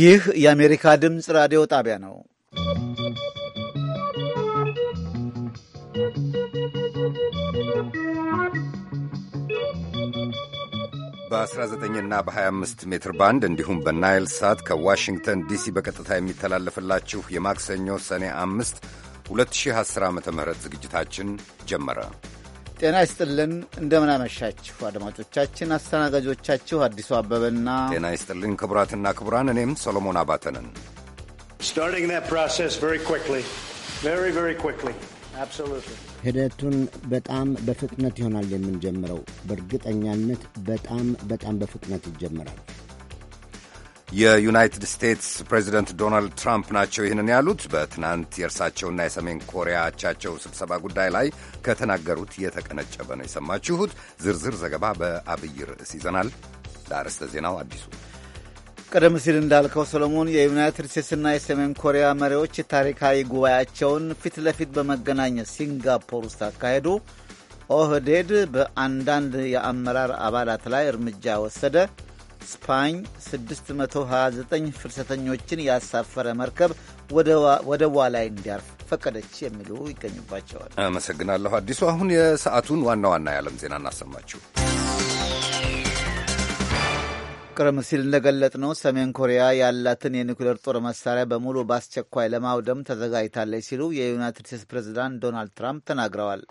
ይህ የአሜሪካ ድምፅ ራዲዮ ጣቢያ ነው። በ19 እና በ25 ሜትር ባንድ እንዲሁም በናይል ሳት ከዋሽንግተን ዲሲ በቀጥታ የሚተላለፍላችሁ የማክሰኞ ሰኔ 5 2010 ዓ ም ዝግጅታችን ጀመረ። ጤና ይስጥልን እንደምናመሻችሁ አድማጮቻችን። አስተናጋጆቻችሁ አዲሱ አበበና ጤና ይስጥልን ክቡራትና ክቡራን፣ እኔም ሰሎሞን አባተ ነን። ሂደቱን በጣም በፍጥነት ይሆናል የምንጀምረው። በእርግጠኛነት በጣም በጣም በፍጥነት ይጀምራል። የዩናይትድ ስቴትስ ፕሬዚደንት ዶናልድ ትራምፕ ናቸው ይህንን ያሉት በትናንት የእርሳቸውና የሰሜን ኮሪያ አቻቸው ስብሰባ ጉዳይ ላይ ከተናገሩት የተቀነጨበ ነው የሰማችሁት። ዝርዝር ዘገባ በአብይ ርዕስ ይዘናል። ለአርዕስተ ዜናው አዲሱ ቀደም ሲል እንዳልከው ሰሎሞን የዩናይትድ ስቴትስና የሰሜን ኮሪያ መሪዎች ታሪካዊ ጉባኤያቸውን ፊት ለፊት በመገናኘት ሲንጋፖር ውስጥ አካሄዱ። ኦህዴድ በአንዳንድ የአመራር አባላት ላይ እርምጃ ወሰደ። ስፓኝ 629 ፍልሰተኞችን ያሳፈረ መርከብ ወደቧ ላይ እንዲያርፍ ፈቀደች የሚሉ ይገኙባቸዋል። አመሰግናለሁ አዲሱ። አሁን የሰዓቱን ዋና ዋና የዓለም ዜና እናሰማችሁ። ቅርም ሲል ነው። ሰሜን ኮሪያ ያላትን የኒኩሌር ጦር መሳሪያ በሙሉ በአስቸኳይ ለማውደም ተዘጋጅታለች ሲሉ የዩናይትድ ስቴትስ ፕሬዚዳንት ዶናልድ ትራምፕ ተናግረዋል።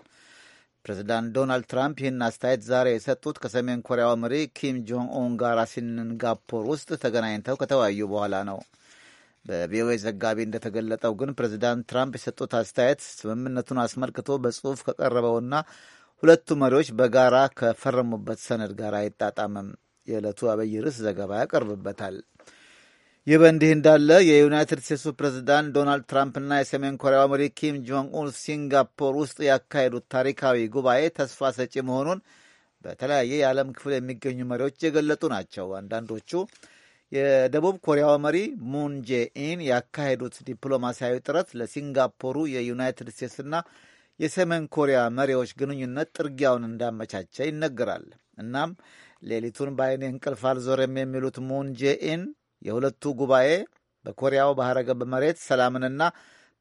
ፕሬዚዳንት ዶናልድ ትራምፕ ይህን አስተያየት ዛሬ የሰጡት ከሰሜን ኮሪያው መሪ ኪም ጆንግ ኡን ጋር ሲንጋፖር ውስጥ ተገናኝተው ከተወያዩ በኋላ ነው። በቪኦኤ ዘጋቢ እንደተገለጠው ግን ፕሬዚዳንት ትራምፕ የሰጡት አስተያየት ስምምነቱን አስመልክቶ በጽሑፍ ከቀረበውና ሁለቱ መሪዎች በጋራ ከፈረሙበት ሰነድ ጋር አይጣጣምም። የዕለቱ አብይ ርዕስ ዘገባ ያቀርብበታል። ይህ በእንዲህ እንዳለ የዩናይትድ ስቴትሱ ፕሬዝዳንት ዶናልድ ትራምፕና የሰሜን ኮሪያው መሪ ኪም ጆንግ ኡን ሲንጋፖር ውስጥ ያካሄዱት ታሪካዊ ጉባኤ ተስፋ ሰጪ መሆኑን በተለያየ የዓለም ክፍል የሚገኙ መሪዎች የገለጡ ናቸው። አንዳንዶቹ የደቡብ ኮሪያው መሪ ሙን ጄኢን ያካሄዱት ዲፕሎማሲያዊ ጥረት ለሲንጋፖሩ የዩናይትድ ስቴትስና የሰሜን ኮሪያ መሪዎች ግንኙነት ጥርጊያውን እንዳመቻቸ ይነገራል። እናም ሌሊቱን በአይኔ እንቅልፍ አልዞረም የሚሉት ሙን ጄኢን የሁለቱ ጉባኤ በኮሪያው ባህረ ገብ መሬት ሰላምንና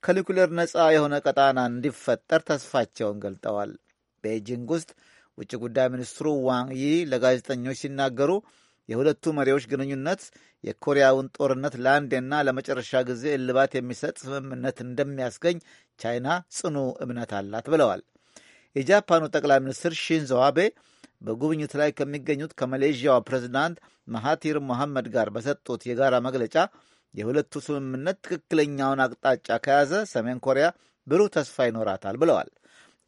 ከኒኩሌር ነጻ የሆነ ቀጣና እንዲፈጠር ተስፋቸውን ገልጠዋል። ቤጂንግ ውስጥ ውጭ ጉዳይ ሚኒስትሩ ዋንግ ይ ለጋዜጠኞች ሲናገሩ የሁለቱ መሪዎች ግንኙነት የኮሪያውን ጦርነት ለአንዴና ለመጨረሻ ጊዜ እልባት የሚሰጥ ስምምነት እንደሚያስገኝ ቻይና ጽኑ እምነት አላት ብለዋል። የጃፓኑ ጠቅላይ ሚኒስትር ሺንዞ አቤ በጉብኝት ላይ ከሚገኙት ከማሌዥያው ፕሬዚዳንት መሃቲር ሞሐመድ ጋር በሰጡት የጋራ መግለጫ የሁለቱ ስምምነት ትክክለኛውን አቅጣጫ ከያዘ ሰሜን ኮሪያ ብሩህ ተስፋ ይኖራታል ብለዋል።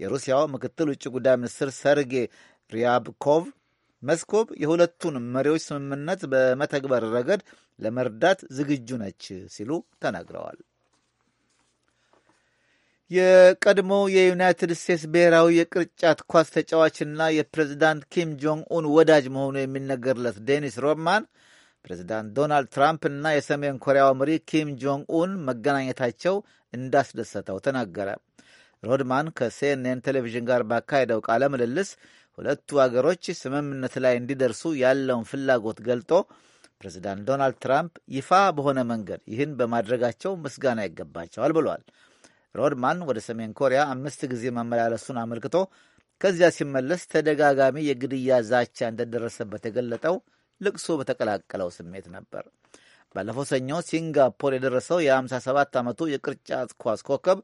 የሩሲያው ምክትል ውጭ ጉዳይ ሚኒስትር ሰርጌ ሪያብኮቭ መስኮቭ የሁለቱን መሪዎች ስምምነት በመተግበር ረገድ ለመርዳት ዝግጁ ነች ሲሉ ተናግረዋል። የቀድሞ የዩናይትድ ስቴትስ ብሔራዊ የቅርጫት ኳስ ተጫዋችና የፕሬዚዳንት ኪም ጆንግ ኡን ወዳጅ መሆኑ የሚነገርለት ዴኒስ ሮድማን ፕሬዚዳንት ዶናልድ ትራምፕ እና የሰሜን ኮሪያው መሪ ኪም ጆንግ ኡን መገናኘታቸው እንዳስደሰተው ተናገረ። ሮድማን ከሲኤንኤን ቴሌቪዥን ጋር ባካሄደው ቃለ ምልልስ ሁለቱ አገሮች ስምምነት ላይ እንዲደርሱ ያለውን ፍላጎት ገልጦ ፕሬዚዳንት ዶናልድ ትራምፕ ይፋ በሆነ መንገድ ይህን በማድረጋቸው ምስጋና ይገባቸዋል ብሏል። ሮድማን ወደ ሰሜን ኮሪያ አምስት ጊዜ መመላለሱን አመልክቶ ከዚያ ሲመለስ ተደጋጋሚ የግድያ ዛቻ እንደደረሰበት የገለጠው ልቅሶ በተቀላቀለው ስሜት ነበር። ባለፈው ሰኞ ሲንጋፖር የደረሰው የ57 ዓመቱ የቅርጫት ኳስ ኮከብ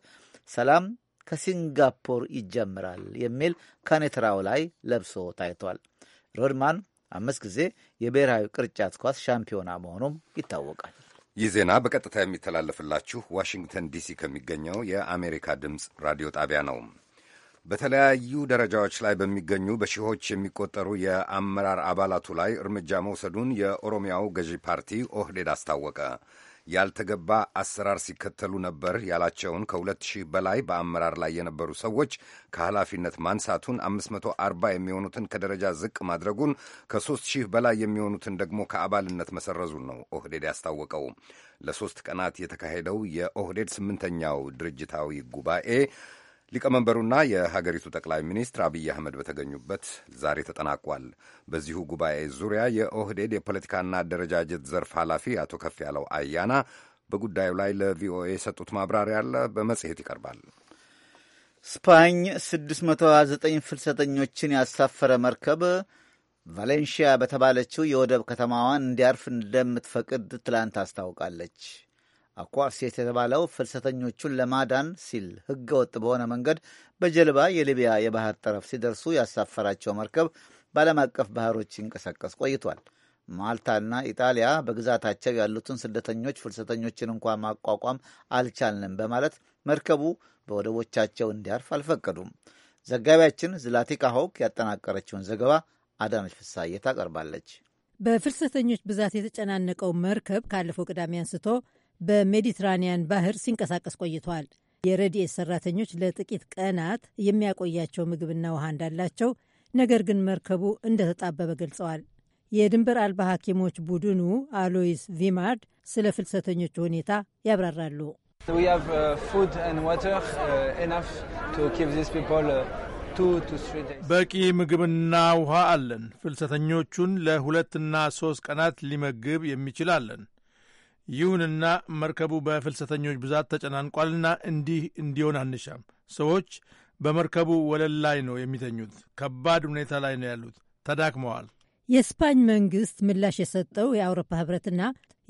ሰላም ከሲንጋፖር ይጀምራል የሚል ካኔትራው ላይ ለብሶ ታይቷል። ሮድማን አምስት ጊዜ የብሔራዊ ቅርጫት ኳስ ሻምፒዮና መሆኑም ይታወቃል። ይህ ዜና በቀጥታ የሚተላለፍላችሁ ዋሽንግተን ዲሲ ከሚገኘው የአሜሪካ ድምፅ ራዲዮ ጣቢያ ነው። በተለያዩ ደረጃዎች ላይ በሚገኙ በሺዎች የሚቆጠሩ የአመራር አባላቱ ላይ እርምጃ መውሰዱን የኦሮሚያው ገዢ ፓርቲ ኦህዴድ አስታወቀ። ያልተገባ አሰራር ሲከተሉ ነበር ያላቸውን ከሁለት ሺህ በላይ በአመራር ላይ የነበሩ ሰዎች ከኃላፊነት ማንሳቱን፣ 540 የሚሆኑትን ከደረጃ ዝቅ ማድረጉን፣ ከሦስት ሺህ በላይ የሚሆኑትን ደግሞ ከአባልነት መሰረዙን ነው ኦህዴድ ያስታወቀው። ለሦስት ቀናት የተካሄደው የኦህዴድ ስምንተኛው ድርጅታዊ ጉባኤ ሊቀመንበሩና የሀገሪቱ ጠቅላይ ሚኒስትር አብይ አህመድ በተገኙበት ዛሬ ተጠናቋል። በዚሁ ጉባኤ ዙሪያ የኦህዴድ የፖለቲካና አደረጃጀት ዘርፍ ኃላፊ አቶ ከፍ ያለው አያና በጉዳዩ ላይ ለቪኦኤ የሰጡት ማብራሪያ አለ፣ በመጽሔት ይቀርባል። ስፓኝ 629 ፍልሰተኞችን ያሳፈረ መርከብ ቫሌንሺያ በተባለችው የወደብ ከተማዋን እንዲያርፍ እንደምትፈቅድ ትላንት አስታውቃለች። አኳሲየስ የተባለው ፍልሰተኞቹን ለማዳን ሲል ሕገ ወጥ በሆነ መንገድ በጀልባ የሊቢያ የባህር ጠረፍ ሲደርሱ ያሳፈራቸው መርከብ በዓለም አቀፍ ባህሮች ሲንቀሳቀስ ቆይቷል። ማልታና ኢጣሊያ በግዛታቸው ያሉትን ስደተኞች ፍልሰተኞችን እንኳ ማቋቋም አልቻልንም በማለት መርከቡ በወደቦቻቸው እንዲያርፍ አልፈቀዱም። ዘጋቢያችን ዝላቲካ ሆክ ያጠናቀረችውን ዘገባ አዳነች ፍሳዬ ታቀርባለች። በፍልሰተኞች ብዛት የተጨናነቀው መርከብ ካለፈው ቅዳሜ አንስቶ በሜዲትራኒያን ባህር ሲንቀሳቀስ ቆይቷል። የረድኤት ሰራተኞች ለጥቂት ቀናት የሚያቆያቸው ምግብና ውሃ እንዳላቸው፣ ነገር ግን መርከቡ እንደተጣበበ ገልጸዋል። የድንበር አልባ ሐኪሞች ቡድኑ አሎይስ ቪማርድ ስለ ፍልሰተኞቹ ሁኔታ ያብራራሉ። uh, uh, uh, በቂ ምግብና ውሃ አለን። ፍልሰተኞቹን ለሁለትና ሶስት ቀናት ሊመግብ የሚችል አለን። ይሁንና መርከቡ በፍልሰተኞች ብዛት ተጨናንቋልና እንዲህ እንዲሆን አንሻም። ሰዎች በመርከቡ ወለል ላይ ነው የሚተኙት። ከባድ ሁኔታ ላይ ነው ያሉት፣ ተዳክመዋል። የስፓኝ መንግስት ምላሽ የሰጠው የአውሮፓ ህብረትና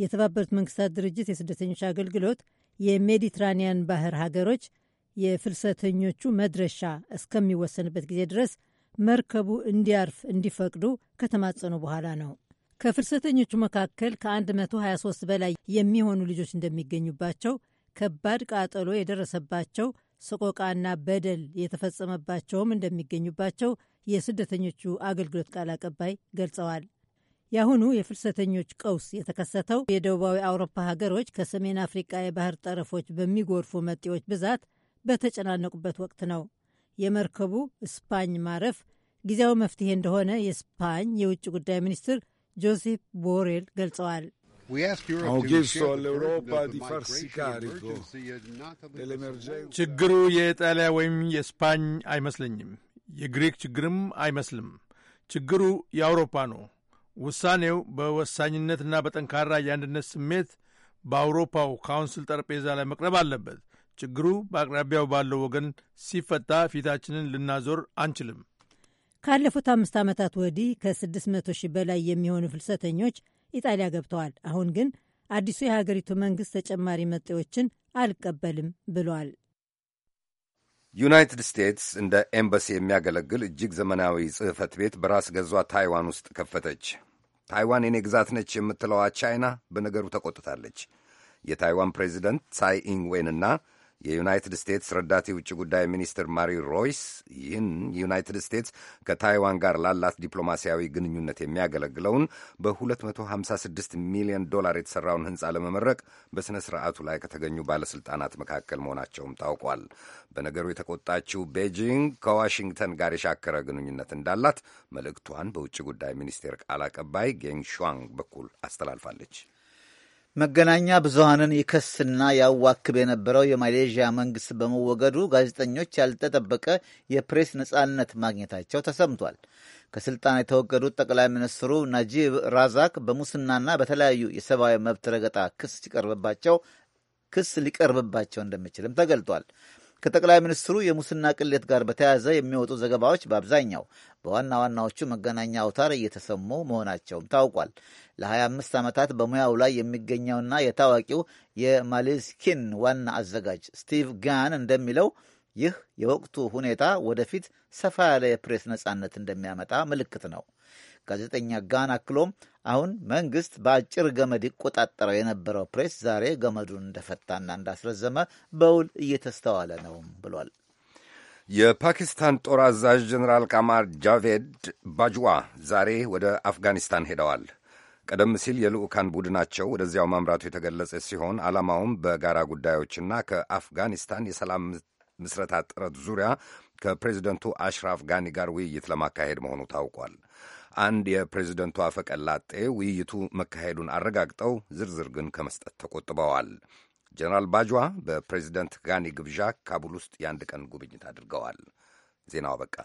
የተባበሩት መንግስታት ድርጅት የስደተኞች አገልግሎት የሜዲትራኒያን ባህር ሀገሮች የፍልሰተኞቹ መድረሻ እስከሚወሰንበት ጊዜ ድረስ መርከቡ እንዲያርፍ እንዲፈቅዱ ከተማጸኑ በኋላ ነው። ከፍልሰተኞቹ መካከል ከ123 በላይ የሚሆኑ ልጆች እንደሚገኙባቸው ከባድ ቃጠሎ የደረሰባቸው ሰቆቃና በደል የተፈጸመባቸውም እንደሚገኙባቸው የስደተኞቹ አገልግሎት ቃል አቀባይ ገልጸዋል። የአሁኑ የፍልሰተኞች ቀውስ የተከሰተው የደቡባዊ አውሮፓ ሀገሮች ከሰሜን አፍሪቃ የባህር ጠረፎች በሚጎርፉ መጤዎች ብዛት በተጨናነቁበት ወቅት ነው። የመርከቡ ስፓኝ ማረፍ ጊዜያዊ መፍትሄ እንደሆነ የስፓኝ የውጭ ጉዳይ ሚኒስትር ጆሴፕ ቦሬል ገልጸዋል። ለአውሮፓ ዲፋርሲ ችግሩ የኢጣሊያ ወይም የስፓኝ አይመስለኝም። የግሪክ ችግርም አይመስልም። ችግሩ የአውሮፓ ነው። ውሳኔው በወሳኝነትና በጠንካራ የአንድነት ስሜት በአውሮፓው ካውንስል ጠረጴዛ ላይ መቅረብ አለበት። ችግሩ በአቅራቢያው ባለው ወገን ሲፈታ ፊታችንን ልናዞር አንችልም። ካለፉት አምስት ዓመታት ወዲህ ከ600 ሺህ በላይ የሚሆኑ ፍልሰተኞች ኢጣሊያ ገብተዋል። አሁን ግን አዲሱ የሀገሪቱ መንግሥት ተጨማሪ መጤዎችን አልቀበልም ብሏል። ዩናይትድ ስቴትስ እንደ ኤምባሲ የሚያገለግል እጅግ ዘመናዊ ጽሕፈት ቤት በራስ ገዟ ታይዋን ውስጥ ከፈተች። ታይዋን የኔ ግዛት ነች የምትለዋ ቻይና በነገሩ ተቆጥታለች። የታይዋን ፕሬዚደንት ሳይ ኢንግዌንና የዩናይትድ ስቴትስ ረዳት የውጭ ጉዳይ ሚኒስትር ማሪ ሮይስ ይህን ዩናይትድ ስቴትስ ከታይዋን ጋር ላላት ዲፕሎማሲያዊ ግንኙነት የሚያገለግለውን በ256 ሚሊዮን ዶላር የተሠራውን ሕንፃ ለመመረቅ በሥነ ሥርዓቱ ላይ ከተገኙ ባለሥልጣናት መካከል መሆናቸውም ታውቋል። በነገሩ የተቆጣችው ቤጂንግ ከዋሽንግተን ጋር የሻከረ ግንኙነት እንዳላት መልእክቷን በውጭ ጉዳይ ሚኒስቴር ቃል አቀባይ ጌንግ ሹዋንግ በኩል አስተላልፋለች። መገናኛ ብዙሃንን ይከስና ያዋክብ የነበረው የማሌዥያ መንግስት በመወገዱ ጋዜጠኞች ያልተጠበቀ የፕሬስ ነጻነት ማግኘታቸው ተሰምቷል። ከስልጣን የተወገዱት ጠቅላይ ሚኒስትሩ ናጂብ ራዛክ በሙስናና በተለያዩ የሰብአዊ መብት ረገጣ ክስ ሲቀርብባቸው ክስ ሊቀርብባቸው እንደሚችልም ተገልጧል። ከጠቅላይ ሚኒስትሩ የሙስና ቅሌት ጋር በተያያዘ የሚወጡ ዘገባዎች በአብዛኛው በዋና ዋናዎቹ መገናኛ አውታር እየተሰሙ መሆናቸውም ታውቋል። ለ25 ዓመታት በሙያው ላይ የሚገኘውና የታዋቂው የማሊስኪን ዋና አዘጋጅ ስቲቭ ጋን እንደሚለው ይህ የወቅቱ ሁኔታ ወደፊት ሰፋ ያለ የፕሬስ ነጻነት እንደሚያመጣ ምልክት ነው። ጋዜጠኛ ጋን አክሎም አሁን መንግስት በአጭር ገመድ ይቆጣጠረው የነበረው ፕሬስ ዛሬ ገመዱን እንደፈታና እንዳስረዘመ በውል እየተስተዋለ ነው ብሏል። የፓኪስታን ጦር አዛዥ ጀኔራል ቃማር ጃቬድ ባጅዋ ዛሬ ወደ አፍጋኒስታን ሄደዋል። ቀደም ሲል የልዑካን ቡድናቸው ወደዚያው ማምራቱ የተገለጸ ሲሆን ዓላማውም በጋራ ጉዳዮችና ከአፍጋኒስታን የሰላም ምስረታ ጥረት ዙሪያ ከፕሬዚደንቱ አሽራፍ ጋኒ ጋር ውይይት ለማካሄድ መሆኑ ታውቋል። አንድ የፕሬዚደንቱ አፈቀላጤ ውይይቱ መካሄዱን አረጋግጠው ዝርዝር ግን ከመስጠት ተቆጥበዋል። ጀነራል ባጇ በፕሬዚደንት ጋኒ ግብዣ ካቡል ውስጥ የአንድ ቀን ጉብኝት አድርገዋል። ዜናው አበቃ።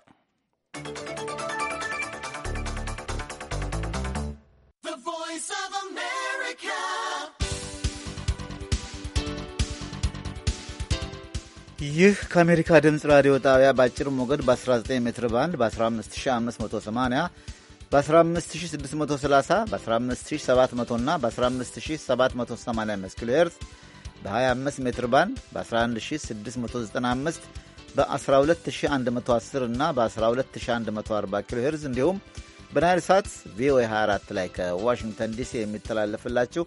ይህ ከአሜሪካ ድምፅ ራዲዮ ጣቢያ በአጭር ሞገድ በ19 ሜትር ባንድ በ15580 በ15630 በ15700 እና በ15785 ኪሎ ሄርዝ በ25 ሜትር ባንድ በ11695 በ12110 እና በ12140 ኪሎ ሄርዝ እንዲሁም በናይል ሳት ቪኦኤ 24 ላይ ከዋሽንግተን ዲሲ የሚተላለፍላችሁ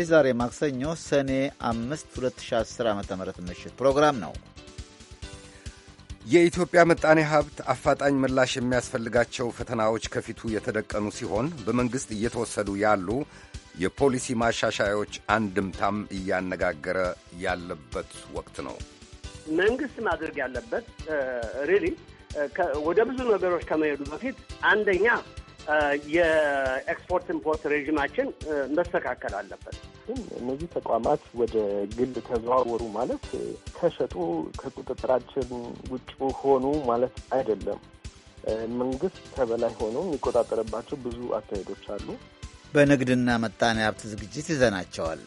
የዛሬ ማክሰኞ ሰኔ 5 2010 ዓ ም ምሽት ፕሮግራም ነው። የኢትዮጵያ ምጣኔ ሀብት አፋጣኝ ምላሽ የሚያስፈልጋቸው ፈተናዎች ከፊቱ የተደቀኑ ሲሆን በመንግሥት እየተወሰዱ ያሉ የፖሊሲ ማሻሻያዎች አንድምታም እያነጋገረ ያለበት ወቅት ነው። መንግሥት ማድረግ ያለበት ሪሊ ወደ ብዙ ነገሮች ከመሄዱ በፊት አንደኛ የኤክስፖርት ኢምፖርት ሬዥማችን መስተካከል አለበት። እነዚህ ተቋማት ወደ ግል ተዘዋወሩ ማለት ተሸጡ፣ ከቁጥጥራችን ውጭ ሆኑ ማለት አይደለም። መንግስት ከበላይ ሆኖ የሚቆጣጠርባቸው ብዙ አካሄዶች አሉ። በንግድና መጣኔ ሀብት ዝግጅት ይዘናቸዋል።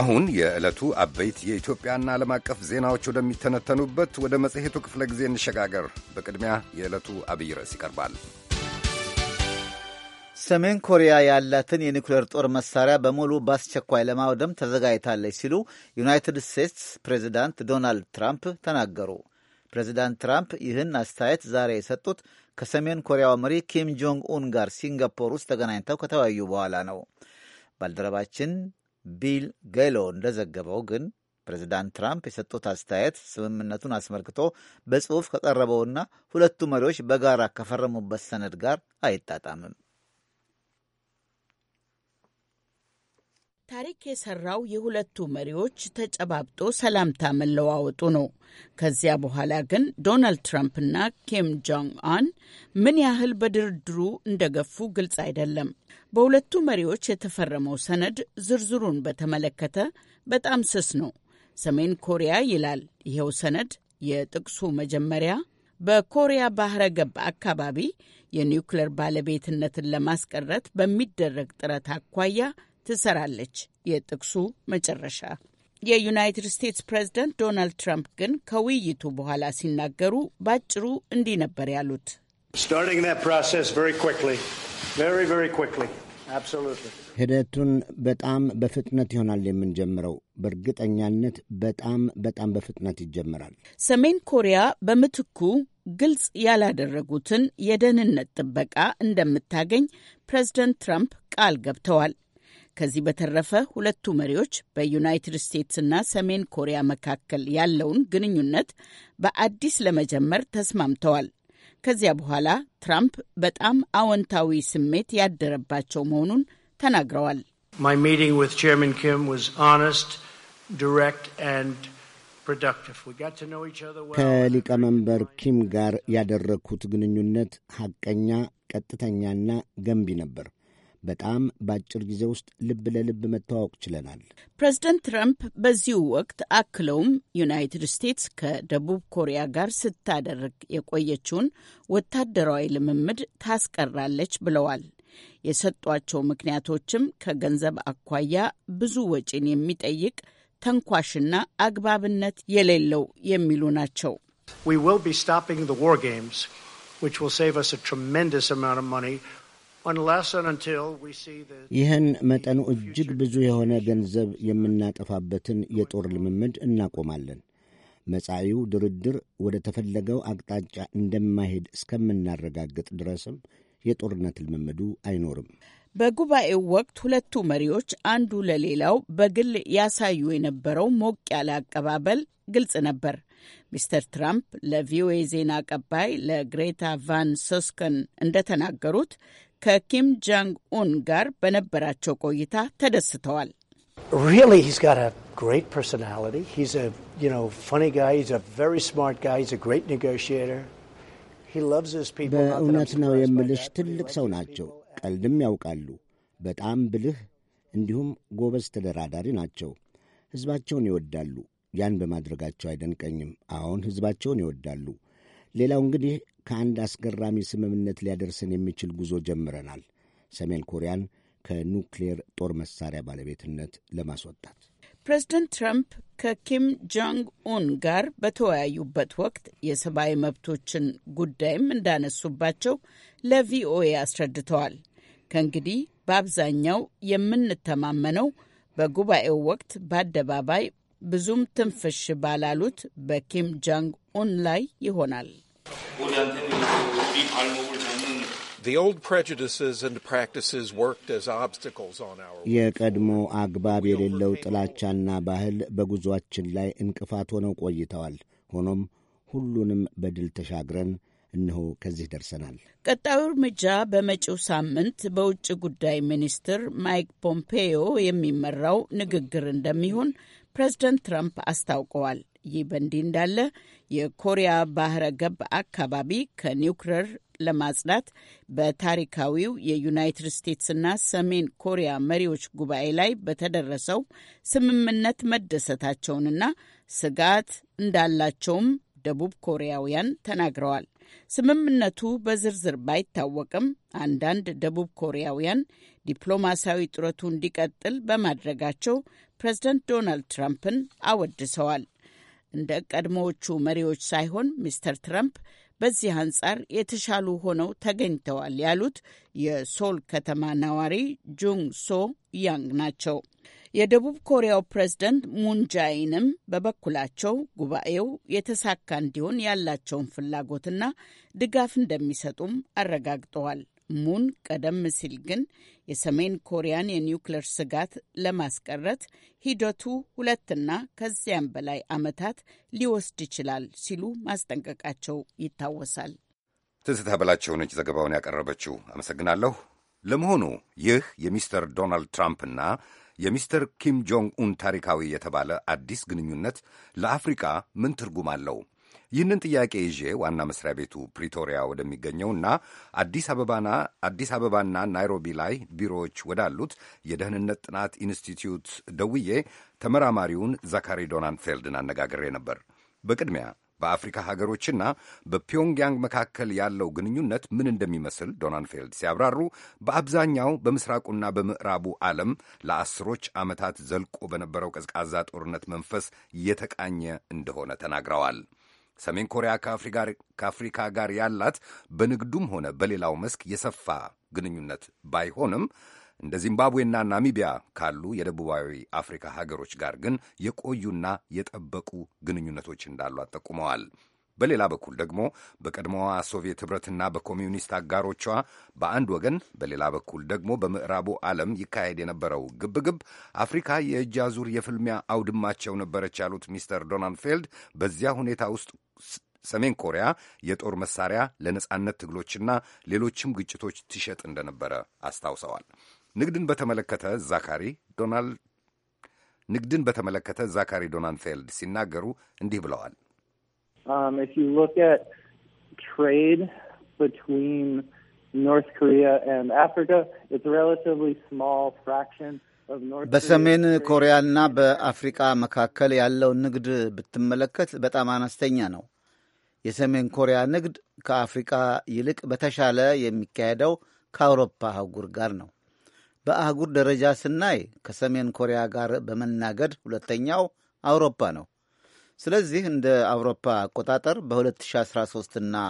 አሁን የዕለቱ አበይት የኢትዮጵያና ዓለም አቀፍ ዜናዎች ወደሚተነተኑበት ወደ መጽሔቱ ክፍለ ጊዜ እንሸጋገር። በቅድሚያ የዕለቱ አብይ ርዕስ ይቀርባል። ሰሜን ኮሪያ ያላትን የኒውክሌር ጦር መሳሪያ በሙሉ በአስቸኳይ ለማውደም ተዘጋጅታለች ሲሉ ዩናይትድ ስቴትስ ፕሬዚዳንት ዶናልድ ትራምፕ ተናገሩ። ፕሬዚዳንት ትራምፕ ይህን አስተያየት ዛሬ የሰጡት ከሰሜን ኮሪያው መሪ ኪም ጆንግ ኡን ጋር ሲንጋፖር ውስጥ ተገናኝተው ከተወያዩ በኋላ ነው። ባልደረባችን ቢል ጌሎ እንደዘገበው ግን ፕሬዚዳንት ትራምፕ የሰጡት አስተያየት ስምምነቱን አስመልክቶ በጽሑፍ ከቀረበውና ሁለቱ መሪዎች በጋራ ከፈረሙበት ሰነድ ጋር አይጣጣምም። ታሪክ የሰራው የሁለቱ መሪዎች ተጨባብጦ ሰላምታ መለዋወጡ ነው። ከዚያ በኋላ ግን ዶናልድ ትራምፕና ኪም ጆንግ አን ምን ያህል በድርድሩ እንደገፉ ግልጽ አይደለም። በሁለቱ መሪዎች የተፈረመው ሰነድ ዝርዝሩን በተመለከተ በጣም ስስ ነው። ሰሜን ኮሪያ ይላል ይኸው ሰነድ የጥቅሱ መጀመሪያ በኮሪያ ባህረ ገብ አካባቢ የኒውክሌር ባለቤትነትን ለማስቀረት በሚደረግ ጥረት አኳያ ትሰራለች። የጥቅሱ መጨረሻ የዩናይትድ ስቴትስ ፕሬዝደንት ዶናልድ ትራምፕ ግን ከውይይቱ በኋላ ሲናገሩ ባጭሩ እንዲህ ነበር ያሉት። ሂደቱን በጣም በፍጥነት ይሆናል የምንጀምረው። በእርግጠኛነት በጣም በጣም በፍጥነት ይጀምራል። ሰሜን ኮሪያ በምትኩ ግልጽ ያላደረጉትን የደህንነት ጥበቃ እንደምታገኝ ፕሬዝደንት ትራምፕ ቃል ገብተዋል። ከዚህ በተረፈ ሁለቱ መሪዎች በዩናይትድ ስቴትስና ሰሜን ኮሪያ መካከል ያለውን ግንኙነት በአዲስ ለመጀመር ተስማምተዋል። ከዚያ በኋላ ትራምፕ በጣም አዎንታዊ ስሜት ያደረባቸው መሆኑን ተናግረዋል። ከሊቀመንበር ኪም ጋር ያደረግኩት ግንኙነት ሐቀኛ፣ ቀጥተኛና ገንቢ ነበር። በጣም በአጭር ጊዜ ውስጥ ልብ ለልብ መተዋወቅ ችለናል። ፕሬዝደንት ትራምፕ በዚሁ ወቅት አክለውም ዩናይትድ ስቴትስ ከደቡብ ኮሪያ ጋር ስታደርግ የቆየችውን ወታደራዊ ልምምድ ታስቀራለች ብለዋል። የሰጧቸው ምክንያቶችም ከገንዘብ አኳያ ብዙ ወጪን የሚጠይቅ ተንኳሽና አግባብነት የሌለው የሚሉ ናቸው። we will be stopping the war games, which will save us a tremendous amount of money ይህን መጠኑ እጅግ ብዙ የሆነ ገንዘብ የምናጠፋበትን የጦር ልምምድ እናቆማለን። መጻኢው ድርድር ወደ ተፈለገው አቅጣጫ እንደማይሄድ እስከምናረጋግጥ ድረስም የጦርነት ልምምዱ አይኖርም። በጉባኤው ወቅት ሁለቱ መሪዎች አንዱ ለሌላው በግል ያሳዩ የነበረው ሞቅ ያለ አቀባበል ግልጽ ነበር። ሚስተር ትራምፕ ለቪኦኤ ዜና አቀባይ ለግሬታ ቫን ሶስከን እንደተናገሩት ከኪም ጃንግ ኡን ጋር በነበራቸው ቆይታ ተደስተዋል። በእውነት ነው የምልሽ፣ ትልቅ ሰው ናቸው። ቀልድም ያውቃሉ። በጣም ብልህ እንዲሁም ጎበዝ ተደራዳሪ ናቸው። ሕዝባቸውን ይወዳሉ። ያን በማድረጋቸው አይደንቀኝም። አሁን ሕዝባቸውን ይወዳሉ። ሌላው እንግዲህ ከአንድ አስገራሚ ስምምነት ሊያደርሰን የሚችል ጉዞ ጀምረናል። ሰሜን ኮሪያን ከኑክሌር ጦር መሳሪያ ባለቤትነት ለማስወጣት ፕሬዝደንት ትራምፕ ከኪም ጆንግ ኡን ጋር በተወያዩበት ወቅት የሰብአዊ መብቶችን ጉዳይም እንዳነሱባቸው ለቪኦኤ አስረድተዋል። ከእንግዲህ በአብዛኛው የምንተማመነው በጉባኤው ወቅት በአደባባይ ብዙም ትንፍሽ ባላሉት በኪም ጆንግ ኡን ላይ ይሆናል። የቀድሞ አግባብ የሌለው ጥላቻና ባህል በጉዞአችን ላይ እንቅፋት ሆነው ቆይተዋል። ሆኖም ሁሉንም በድል ተሻግረን እነሆ ከዚህ ደርሰናል። ቀጣዩ እርምጃ በመጪው ሳምንት በውጭ ጉዳይ ሚኒስትር ማይክ ፖምፔዮ የሚመራው ንግግር እንደሚሆን ፕሬዝደንት ትራምፕ አስታውቀዋል። ይህ በእንዲህ እንዳለ የኮሪያ ባህረ ገብ አካባቢ ከኒውክለር ለማጽዳት በታሪካዊው የዩናይትድ ስቴትስና ሰሜን ኮሪያ መሪዎች ጉባኤ ላይ በተደረሰው ስምምነት መደሰታቸውንና ስጋት እንዳላቸውም ደቡብ ኮሪያውያን ተናግረዋል። ስምምነቱ በዝርዝር ባይታወቅም አንዳንድ ደቡብ ኮሪያውያን ዲፕሎማሲያዊ ጥረቱ እንዲቀጥል በማድረጋቸው ፕሬዝደንት ዶናልድ ትራምፕን አወድሰዋል። እንደ ቀድሞዎቹ መሪዎች ሳይሆን ሚስተር ትራምፕ በዚህ አንጻር የተሻሉ ሆነው ተገኝተዋል ያሉት የሶል ከተማ ነዋሪ ጁንግ ሶ ያንግ ናቸው። የደቡብ ኮሪያው ፕሬዝደንት ሙንጃይንም በበኩላቸው ጉባኤው የተሳካ እንዲሆን ያላቸውን ፍላጎትና ድጋፍ እንደሚሰጡም አረጋግጠዋል። ሙን ቀደም ሲል ግን የሰሜን ኮሪያን የኒውክሌር ስጋት ለማስቀረት ሂደቱ ሁለትና ከዚያም በላይ ዓመታት ሊወስድ ይችላል ሲሉ ማስጠንቀቃቸው ይታወሳል። ትዝታ በላቸው ነች ዘገባውን ያቀረበችው። አመሰግናለሁ። ለመሆኑ ይህ የሚስተር ዶናልድ ትራምፕና የሚስተር ኪም ጆንግ ኡን ታሪካዊ የተባለ አዲስ ግንኙነት ለአፍሪካ ምን ትርጉም አለው? ይህንን ጥያቄ ይዤ ዋና መስሪያ ቤቱ ፕሪቶሪያ ወደሚገኘውና አዲስ አበባና ናይሮቢ ላይ ቢሮዎች ወዳሉት የደህንነት ጥናት ኢንስቲትዩት ደውዬ ተመራማሪውን ዛካሪ ዶናንፌልድን አነጋግሬ ነበር። በቅድሚያ በአፍሪካ ሀገሮችና በፒዮንግያንግ መካከል ያለው ግንኙነት ምን እንደሚመስል ዶናንፌልድ ሲያብራሩ በአብዛኛው በምስራቁና በምዕራቡ ዓለም ለአስሮች ዓመታት ዘልቆ በነበረው ቀዝቃዛ ጦርነት መንፈስ የተቃኘ እንደሆነ ተናግረዋል። ሰሜን ኮሪያ ከአፍሪካ ጋር ያላት በንግዱም ሆነ በሌላው መስክ የሰፋ ግንኙነት ባይሆንም እንደ ዚምባብዌና ናሚቢያ ካሉ የደቡባዊ አፍሪካ ሀገሮች ጋር ግን የቆዩና የጠበቁ ግንኙነቶች እንዳሏት ጠቁመዋል። በሌላ በኩል ደግሞ በቀድሞዋ ሶቪየት ኅብረትና በኮሚዩኒስት አጋሮቿ በአንድ ወገን፣ በሌላ በኩል ደግሞ በምዕራቡ ዓለም ይካሄድ የነበረው ግብግብ አፍሪካ የእጅ አዙር የፍልሚያ አውድማቸው ነበረች ያሉት ሚስተር ዶናልድ ፌልድ በዚያ ሁኔታ ውስጥ ሰሜን ኮሪያ የጦር መሳሪያ ለነጻነት ትግሎችና ሌሎችም ግጭቶች ትሸጥ እንደነበረ አስታውሰዋል። ንግድን በተመለከተ ዛካሪ ዶናልድ ንግድን በተመለከተ ዛካሪ ዶናንፌልድ ሲናገሩ እንዲህ ብለዋል። um, በሰሜን ኮሪያና በአፍሪቃ መካከል ያለው ንግድ ብትመለከት በጣም አነስተኛ ነው። የሰሜን ኮሪያ ንግድ ከአፍሪቃ ይልቅ በተሻለ የሚካሄደው ከአውሮፓ አህጉር ጋር ነው። በአህጉር ደረጃ ስናይ ከሰሜን ኮሪያ ጋር በመናገድ ሁለተኛው አውሮፓ ነው። ስለዚህ እንደ አውሮፓ አቆጣጠር በ2013 ና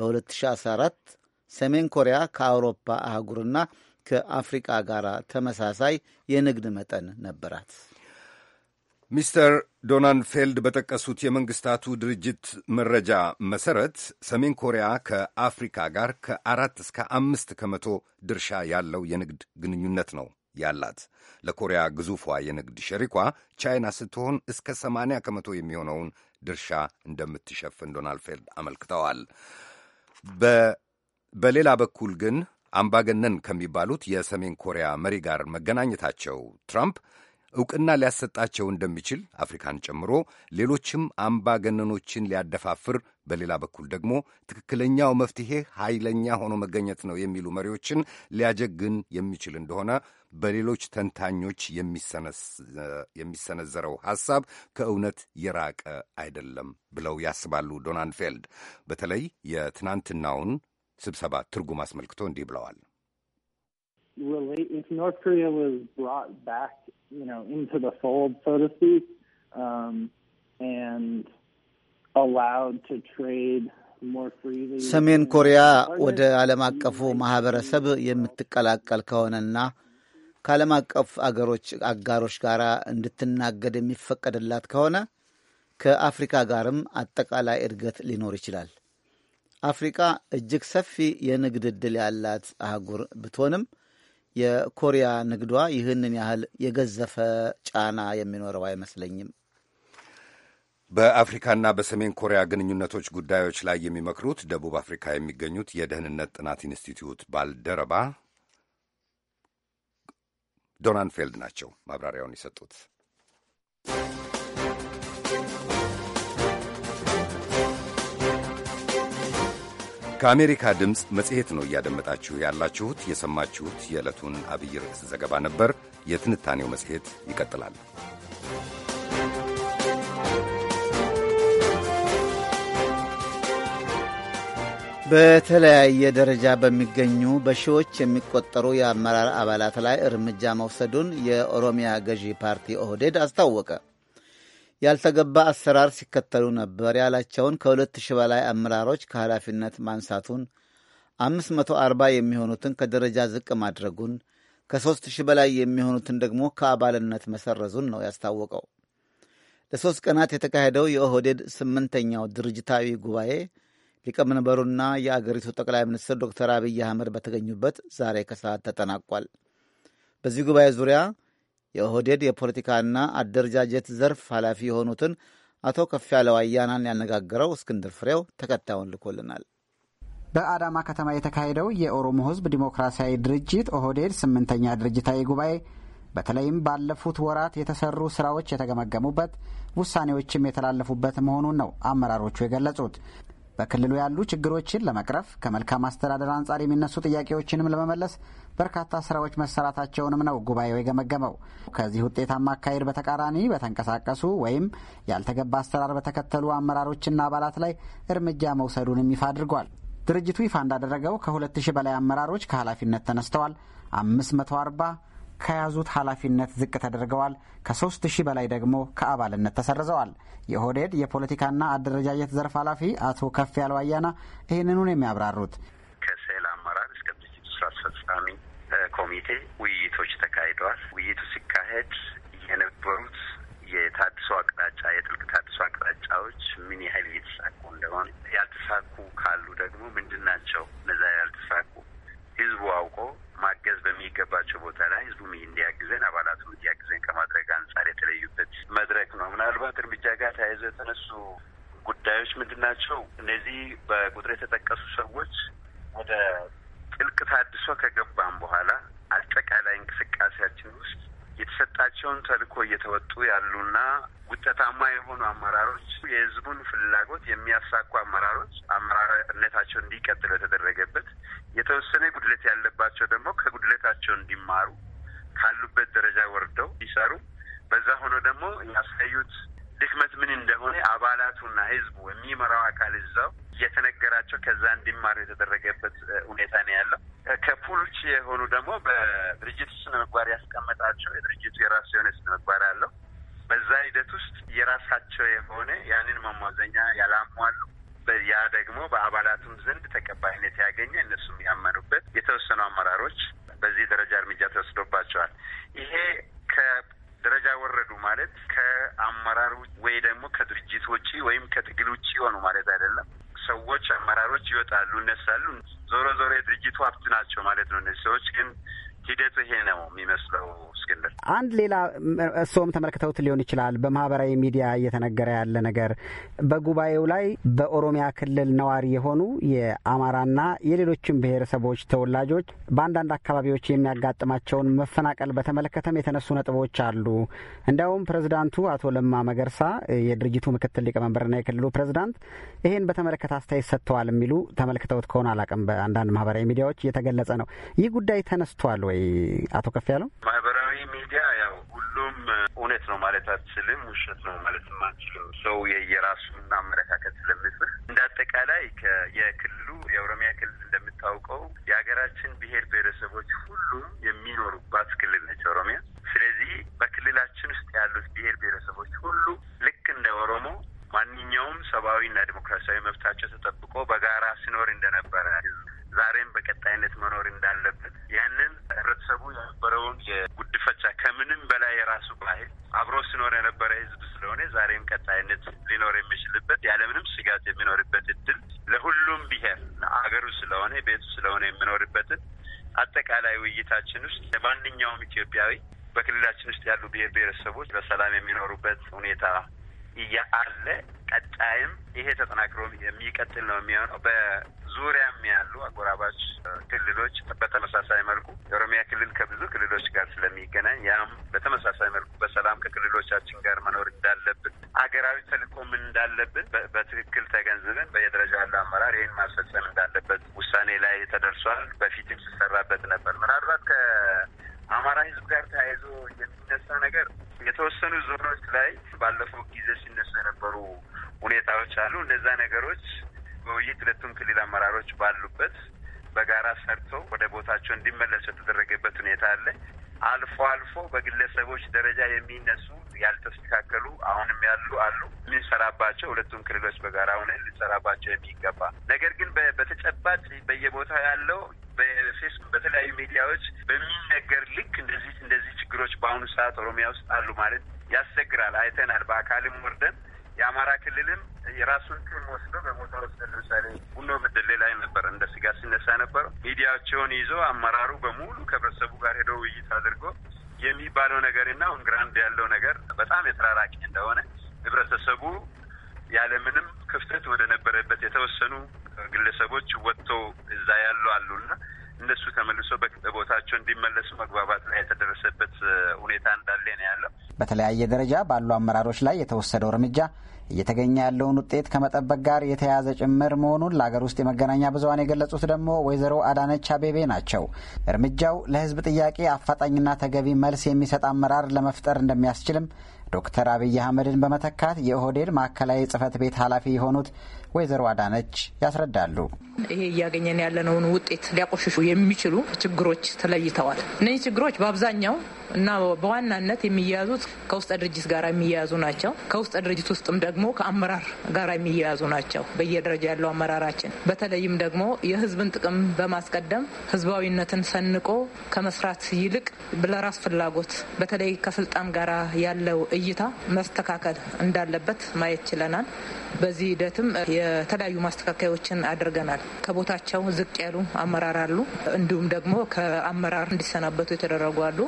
በ2014 ሰሜን ኮሪያ ከአውሮፓ አህጉርና ከአፍሪቃ ጋር ተመሳሳይ የንግድ መጠን ነበራት። ሚስተር ዶናልድ ፌልድ በጠቀሱት የመንግሥታቱ ድርጅት መረጃ መሠረት ሰሜን ኮሪያ ከአፍሪካ ጋር ከአራት እስከ አምስት ከመቶ ድርሻ ያለው የንግድ ግንኙነት ነው ያላት። ለኮሪያ ግዙፏ የንግድ ሸሪኳ ቻይና ስትሆን እስከ 80 ከመቶ የሚሆነውን ድርሻ እንደምትሸፍን ዶናልድ ፌልድ አመልክተዋል። በሌላ በኩል ግን አምባገነን ከሚባሉት የሰሜን ኮሪያ መሪ ጋር መገናኘታቸው ትራምፕ እውቅና ሊያሰጣቸው እንደሚችል አፍሪካን ጨምሮ ሌሎችም አምባገነኖችን ሊያደፋፍር፣ በሌላ በኩል ደግሞ ትክክለኛው መፍትሄ ኃይለኛ ሆኖ መገኘት ነው የሚሉ መሪዎችን ሊያጀግን የሚችል እንደሆነ በሌሎች ተንታኞች የሚሰነዘረው ሐሳብ ከእውነት የራቀ አይደለም ብለው ያስባሉ ዶናልድ ፌልድ። በተለይ የትናንትናውን ስብሰባ ትርጉም አስመልክቶ እንዲህ ብለዋል። um, ሰሜን ኮሪያ ወደ ዓለም አቀፉ ማህበረሰብ የምትቀላቀል ከሆነና ከዓለም አቀፍ አገሮች አጋሮች ጋር እንድትናገድ የሚፈቀድላት ከሆነ ከአፍሪካ ጋርም አጠቃላይ እድገት ሊኖር ይችላል። አፍሪቃ እጅግ ሰፊ የንግድ ዕድል ያላት አህጉር ብትሆንም የኮሪያ ንግዷ ይህንን ያህል የገዘፈ ጫና የሚኖረው አይመስለኝም። በአፍሪካና በሰሜን ኮሪያ ግንኙነቶች ጉዳዮች ላይ የሚመክሩት ደቡብ አፍሪካ የሚገኙት የደህንነት ጥናት ኢንስቲትዩት ባልደረባ ዶናንፌልድ ናቸው ማብራሪያውን የሰጡት። ከአሜሪካ ድምፅ መጽሔት ነው እያደመጣችሁ ያላችሁት። የሰማችሁት የዕለቱን አብይ ርዕስ ዘገባ ነበር። የትንታኔው መጽሔት ይቀጥላል። በተለያየ ደረጃ በሚገኙ በሺዎች የሚቆጠሩ የአመራር አባላት ላይ እርምጃ መውሰዱን የኦሮሚያ ገዢ ፓርቲ ኦህዴድ አስታወቀ። ያልተገባ አሰራር ሲከተሉ ነበር ያላቸውን ከሁለት ሺህ በላይ አመራሮች ከኃላፊነት ማንሳቱን፣ 540 የሚሆኑትን ከደረጃ ዝቅ ማድረጉን፣ ከሦስት ሺህ በላይ የሚሆኑትን ደግሞ ከአባልነት መሰረዙን ነው ያስታወቀው። ለሦስት ቀናት የተካሄደው የኦህዴድ ስምንተኛው ድርጅታዊ ጉባኤ ሊቀመንበሩና የአገሪቱ ጠቅላይ ሚኒስትር ዶክተር አብይ አህመድ በተገኙበት ዛሬ ከሰዓት ተጠናቋል። በዚህ ጉባኤ ዙሪያ የኦህዴድ የፖለቲካና አደረጃጀት ዘርፍ ኃላፊ የሆኑትን አቶ ያለው አያናን ያነጋግረው እስክንድር ፍሬው ተከታዩን ልኮልናል። በአዳማ ከተማ የተካሄደው የኦሮሞ ሕዝብ ዲሞክራሲያዊ ድርጅት ኦህዴድ ስምንተኛ ድርጅታዊ ጉባኤ በተለይም ባለፉት ወራት የተሰሩ ስራዎች የተገመገሙበት ውሳኔዎችም የተላለፉበት መሆኑን ነው አመራሮቹ የገለጹት። በክልሉ ያሉ ችግሮችን ለመቅረፍ ከመልካም አስተዳደር አንጻር የሚነሱ ጥያቄዎችንም ለመመለስ በርካታ ስራዎች መሰራታቸውንም ነው ጉባኤው የገመገመው። ከዚህ ውጤታማ አካሄድ በተቃራኒ በተንቀሳቀሱ ወይም ያልተገባ አሰራር በተከተሉ አመራሮችና አባላት ላይ እርምጃ መውሰዱንም ይፋ አድርጓል። ድርጅቱ ይፋ እንዳደረገው ከ2000 በላይ አመራሮች ከኃላፊነት ተነስተዋል። 540 ከያዙት ኃላፊነት ዝቅ ተደርገዋል። ከ3000 በላይ ደግሞ ከአባልነት ተሰርዘዋል። የኦህዴድ የፖለቲካና አደረጃጀት ዘርፍ ኃላፊ አቶ ከፍ ያለው አያና ይህንኑን የሚያብራሩት ከሴል አመራር እስከ ድርጅቱ ስራ አስፈጻሚ ኮሚቴ ውይይቶች ተካሂደዋል። ውይይቱ ሲካሄድ የነበሩት የታድሶ አቅጣጫ የጥልቅ ታድሶ አቅጣጫዎች ምን ያህል እየተሳኩ እንደሆነ፣ ያልተሳኩ ካሉ ደግሞ ምንድን ናቸው እነዛ ያልተሳኩ ህዝቡ አውቆ ማገዝ በሚገባቸው ቦታ ላይ ህዝቡም እንዲያግዘን አባላቱ እንዲያግዘን ከማድረግ አንጻር የተለዩበት መድረክ ነው። ምናልባት እርምጃ ጋር ተያይዘው የተነሱ ጉዳዮች ምንድን ናቸው? እነዚህ በቁጥር የተጠቀሱ ሰዎች ወደ ጥልቅ ታድሶ ከገባም በኋላ አጠቃላይ እንቅስቃሴያችን ውስጥ የተሰጣቸውን ተልኮ እየተወጡ ያሉና ውጤታማ የሆኑ አመራሮች፣ የህዝቡን ፍላጎት የሚያሳኩ አመራሮች አመራርነታቸው እንዲቀጥሉ የተደረገበት፣ የተወሰነ ጉድለት ያለባቸው ደግሞ ከጉድለታቸው እንዲማሩ ካሉበት ደረጃ ወርደው ይሰሩ በዛ ሆኖ ደግሞ ያሳዩት ድክመት ምን እንደሆነ አባላቱና ህዝቡ የሚመራው አካል እዛው እየተነገራቸው ከዛ እንዲማሩ የተደረገበት ሁኔታ ነው ያለው። ከፑልች የሆኑ ደግሞ በድርጅቱ ስነ ምግባር ያስቀመጣቸው የድርጅቱ የራሱ የሆነ ስነ ምግባር አለው። በዛ ሂደት ውስጥ የራሳቸው የሆነ ያንን መሟዘኛ ያላሟሉ ያ ደግሞ በአባላቱም ዘንድ ተቀባይነት ያገኘ እነሱም ያመኑበት የተወሰኑ አመራሮች በዚህ ደረጃ እርምጃ ተወስዶባቸዋል። ይሄ ደረጃ ወረዱ ማለት ከአመራር ወይ ደግሞ ከድርጅት ውጪ ወይም ከትግል ውጪ ሆኑ ማለት አይደለም። ሰዎች አመራሮች ይወጣሉ፣ እነሳሉ። ዞሮ ዞሮ የድርጅቱ ሀብት ናቸው ማለት ነው። እነዚህ ሰዎች ግን ሂደት ይሄ ነው የሚመስለው። እስክንድር አንድ ሌላ እሶም ተመልክተውት ሊሆን ይችላል። በማህበራዊ ሚዲያ እየተነገረ ያለ ነገር በጉባኤው ላይ በኦሮሚያ ክልል ነዋሪ የሆኑ የአማራና የሌሎችም ብሔረሰቦች ተወላጆች በአንዳንድ አካባቢዎች የሚያጋጥማቸውን መፈናቀል በተመለከተም የተነሱ ነጥቦች አሉ። እንዲያውም ፕሬዚዳንቱ አቶ ለማ መገርሳ የድርጅቱ ምክትል ሊቀመንበርና የክልሉ ፕሬዝዳንት ይህን በተመለከተ አስተያየት ሰጥተዋል የሚሉ ተመልክተውት ከሆነ አላቅም በአንዳንድ ማህበራዊ ሚዲያዎች እየተገለጸ ነው። ይህ ጉዳይ ተነስቷል ወይ አቶ ከፍ ያለው? ማህበራዊ ሚዲያ ያው ሁሉም እውነት ነው ማለት አትችልም፣ ውሸት ነው ማለት አትችልም። ሰው የየራሱን አመለካከት ስለሚጽፍ እንደ አጠቃላይ የክልሉ የኦሮሚያ ክልል እንደምታውቀው የሀገራችን ብሄር ብሔረሰቦች ሁሉም የሚኖሩባት ክልል ነች ኦሮሚያ። ስለዚህ በክልላችን ውስጥ ያሉት ብሔር ብሔረሰቦች ሁሉ ልክ እንደ ኦሮሞ ማንኛውም ሰብአዊና ዲሞክራሲያዊ መብታቸው ተጠብቆ በጋራ ሲኖር እንደነበረ ዛሬም በቀጣይነት መኖር እንዳለበት ያንን ህብረተሰቡ የነበረውን የጉድፈቻ ከምንም በላይ የራሱ ባህል አብሮ ሲኖር የነበረ ህዝብ ስለሆነ ዛሬም ቀጣይነት ሊኖር የሚችልበት ያለምንም ስጋት የሚኖርበት እድል ለሁሉም ብሄር አገሩ ስለሆነ ቤቱ ስለሆነ የሚኖርበትን አጠቃላይ ውይይታችን ውስጥ ማንኛውም ኢትዮጵያዊ በክልላችን ውስጥ ያሉ ብሄር ብሔረሰቦች በሰላም የሚኖሩበት ሁኔታ እያ ቀጣይም ይሄ ተጠናክሮ የሚቀጥል ነው የሚሆነው። በዙሪያም ያሉ አጎራባች ክልሎች በተመሳሳይ መልኩ የኦሮሚያ ክልል ከብዙ ክልሎች ጋር ስለሚገናኝ ያም በተመሳሳይ መልኩ በሰላም ከክልሎቻችን ጋር መኖር እንዳለብን ሀገራዊ ተልእኮ እንዳለብን በትክክል ተገንዝበን በየደረጃ ያለ አመራር ይህን ማስፈጸም እንዳለበት ውሳኔ ላይ ተደርሷል። በፊትም ሲሰራበት ነበር። ምናልባት ከአማራ ሕዝብ ጋር ተያይዞ የሚነሳ ነገር የተወሰኑ ዞኖች ላይ ባለፈው ጊዜ ሲነሱ የነበሩ ሁኔታዎች አሉ። እነዛ ነገሮች በውይይት ሁለቱም ክልል አመራሮች ባሉበት በጋራ ሰርቶ ወደ ቦታቸው እንዲመለሱ የተደረገበት ሁኔታ አለ። አልፎ አልፎ በግለሰቦች ደረጃ የሚነሱ ያልተስተካከሉ አሁንም ያሉ አሉ። የምንሰራባቸው ሁለቱም ክልሎች በጋራ ሆነን ልንሰራባቸው የሚገባ ነገር ግን በተጨባጭ በየቦታው ያለው በፌስቡክ በተለያዩ ሚዲያዎች በሚነገር ልክ እንደዚህ እንደዚህ ችግሮች በአሁኑ ሰዓት ኦሮሚያ ውስጥ አሉ ማለት ያስቸግራል። አይተናል። በአካልም ወርደን የአማራ ክልልም የራሱን ጩን ወስዶ በቦታ ውስጥ ለምሳሌ ቡኖ በደሌ ላይ ነበር እንደ ስጋት ሲነሳ ነበር። ሚዲያዎቸውን ይዞ አመራሩ በሙሉ ከህብረተሰቡ ጋር ሄዶ ውይይት አድርጎ የሚባለው ነገርና አሁን ግራንድ ያለው ነገር በጣም የተራራቂ እንደሆነ ህብረተሰቡ ያለምንም ክፍተት ወደ ነበረበት የተወሰኑ ግለሰቦች ወጥተው እዛ ያሉ አሉና እነሱ ተመልሶ በቦታቸው እንዲመለሱ መግባባት ላይ የተደረሰበት ሁኔታ እንዳለ ነው ያለው። በተለያየ ደረጃ ባሉ አመራሮች ላይ የተወሰደው እርምጃ እየተገኘ ያለውን ውጤት ከመጠበቅ ጋር የተያያዘ ጭምር መሆኑን ለሀገር ውስጥ የመገናኛ ብዙኃን የገለጹት ደግሞ ወይዘሮ አዳነች አቤቤ ናቸው። እርምጃው ለሕዝብ ጥያቄ አፋጣኝና ተገቢ መልስ የሚሰጥ አመራር ለመፍጠር እንደሚያስችልም ዶክተር አብይ አህመድን በመተካት የኦህዴድ ማዕከላዊ ጽህፈት ቤት ኃላፊ የሆኑት ወይዘሮ አዳነች ያስረዳሉ። ይሄ እያገኘን ያለነውን ውጤት ሊያቆሽሹ የሚችሉ ችግሮች ተለይተዋል። እነዚህ ችግሮች በአብዛኛው እና በዋናነት የሚያያዙት ከውስጠ ድርጅት ጋር የሚያያዙ ናቸው። ከውስጠ ድርጅት ውስጥም ደግሞ ከአመራር ጋር የሚያያዙ ናቸው። በየደረጃ ያለው አመራራችን በተለይም ደግሞ የህዝብን ጥቅም በማስቀደም ህዝባዊነትን ሰንቆ ከመስራት ይልቅ ለራስ ፍላጎት በተለይ ከስልጣን ጋር ያለው እይታ መስተካከል እንዳለበት ማየት ችለናል። በዚህ ሂደትም የተለያዩ ማስተካከያዎችን አድርገናል። ከቦታቸው ዝቅ ያሉ አመራር አሉ፣ እንዲሁም ደግሞ ከአመራር እንዲሰናበቱ የተደረጉ አሉ።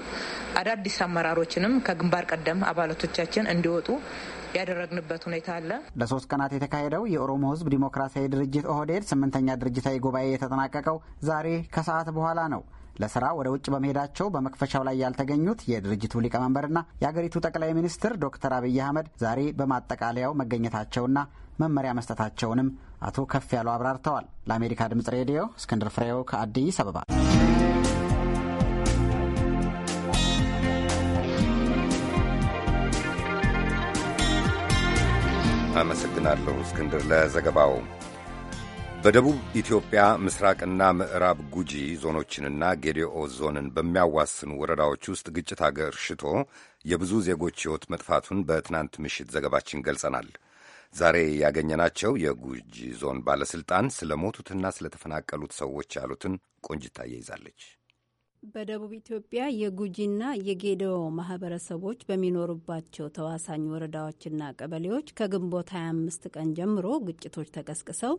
አዳዲስ አመራሮችንም ከግንባር ቀደም አባላቶቻችን እንዲወጡ ያደረግንበት ሁኔታ አለ። ለሶስት ቀናት የተካሄደው የኦሮሞ ሕዝብ ዲሞክራሲያዊ ድርጅት ኦህዴድ ስምንተኛ ድርጅታዊ ጉባኤ የተጠናቀቀው ዛሬ ከሰዓት በኋላ ነው። ለስራ ወደ ውጭ በመሄዳቸው በመክፈቻው ላይ ያልተገኙት የድርጅቱ ሊቀመንበርና የአገሪቱ ጠቅላይ ሚኒስትር ዶክተር አብይ አህመድ ዛሬ በማጠቃለያው መገኘታቸውና መመሪያ መስጠታቸውንም አቶ ከፍ ያሉ አብራርተዋል። ለአሜሪካ ድምጽ ሬዲዮ እስክንድር ፍሬው ከአዲስ አበባ። አመሰግናለሁ እስክንድር ለዘገባው። በደቡብ ኢትዮጵያ ምስራቅና ምዕራብ ጉጂ ዞኖችንና ጌዲኦ ዞንን በሚያዋስኑ ወረዳዎች ውስጥ ግጭት አገርሽቶ የብዙ ዜጎች ሕይወት መጥፋቱን በትናንት ምሽት ዘገባችን ገልጸናል። ዛሬ ያገኘናቸው የጉጂ ዞን ባለሥልጣን ስለ ሞቱትና ስለተፈናቀሉት ሰዎች ያሉትን ቆንጅታ ይዛለች። በደቡብ ኢትዮጵያ የጉጂና የጌዴኦ ማህበረሰቦች በሚኖሩባቸው ተዋሳኝ ወረዳዎችና ቀበሌዎች ከግንቦት 25 ቀን ጀምሮ ግጭቶች ተቀስቅሰው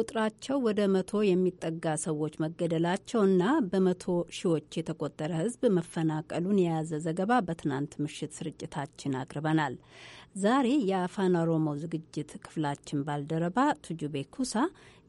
ቁጥራቸው ወደ መቶ የሚጠጋ ሰዎች መገደላቸውና በመቶ ሺዎች የተቆጠረ ሕዝብ መፈናቀሉን የያዘ ዘገባ በትናንት ምሽት ስርጭታችን አቅርበናል። ዛሬ የአፋን ኦሮሞ ዝግጅት ክፍላችን ባልደረባ ቱጁቤ ኩሳ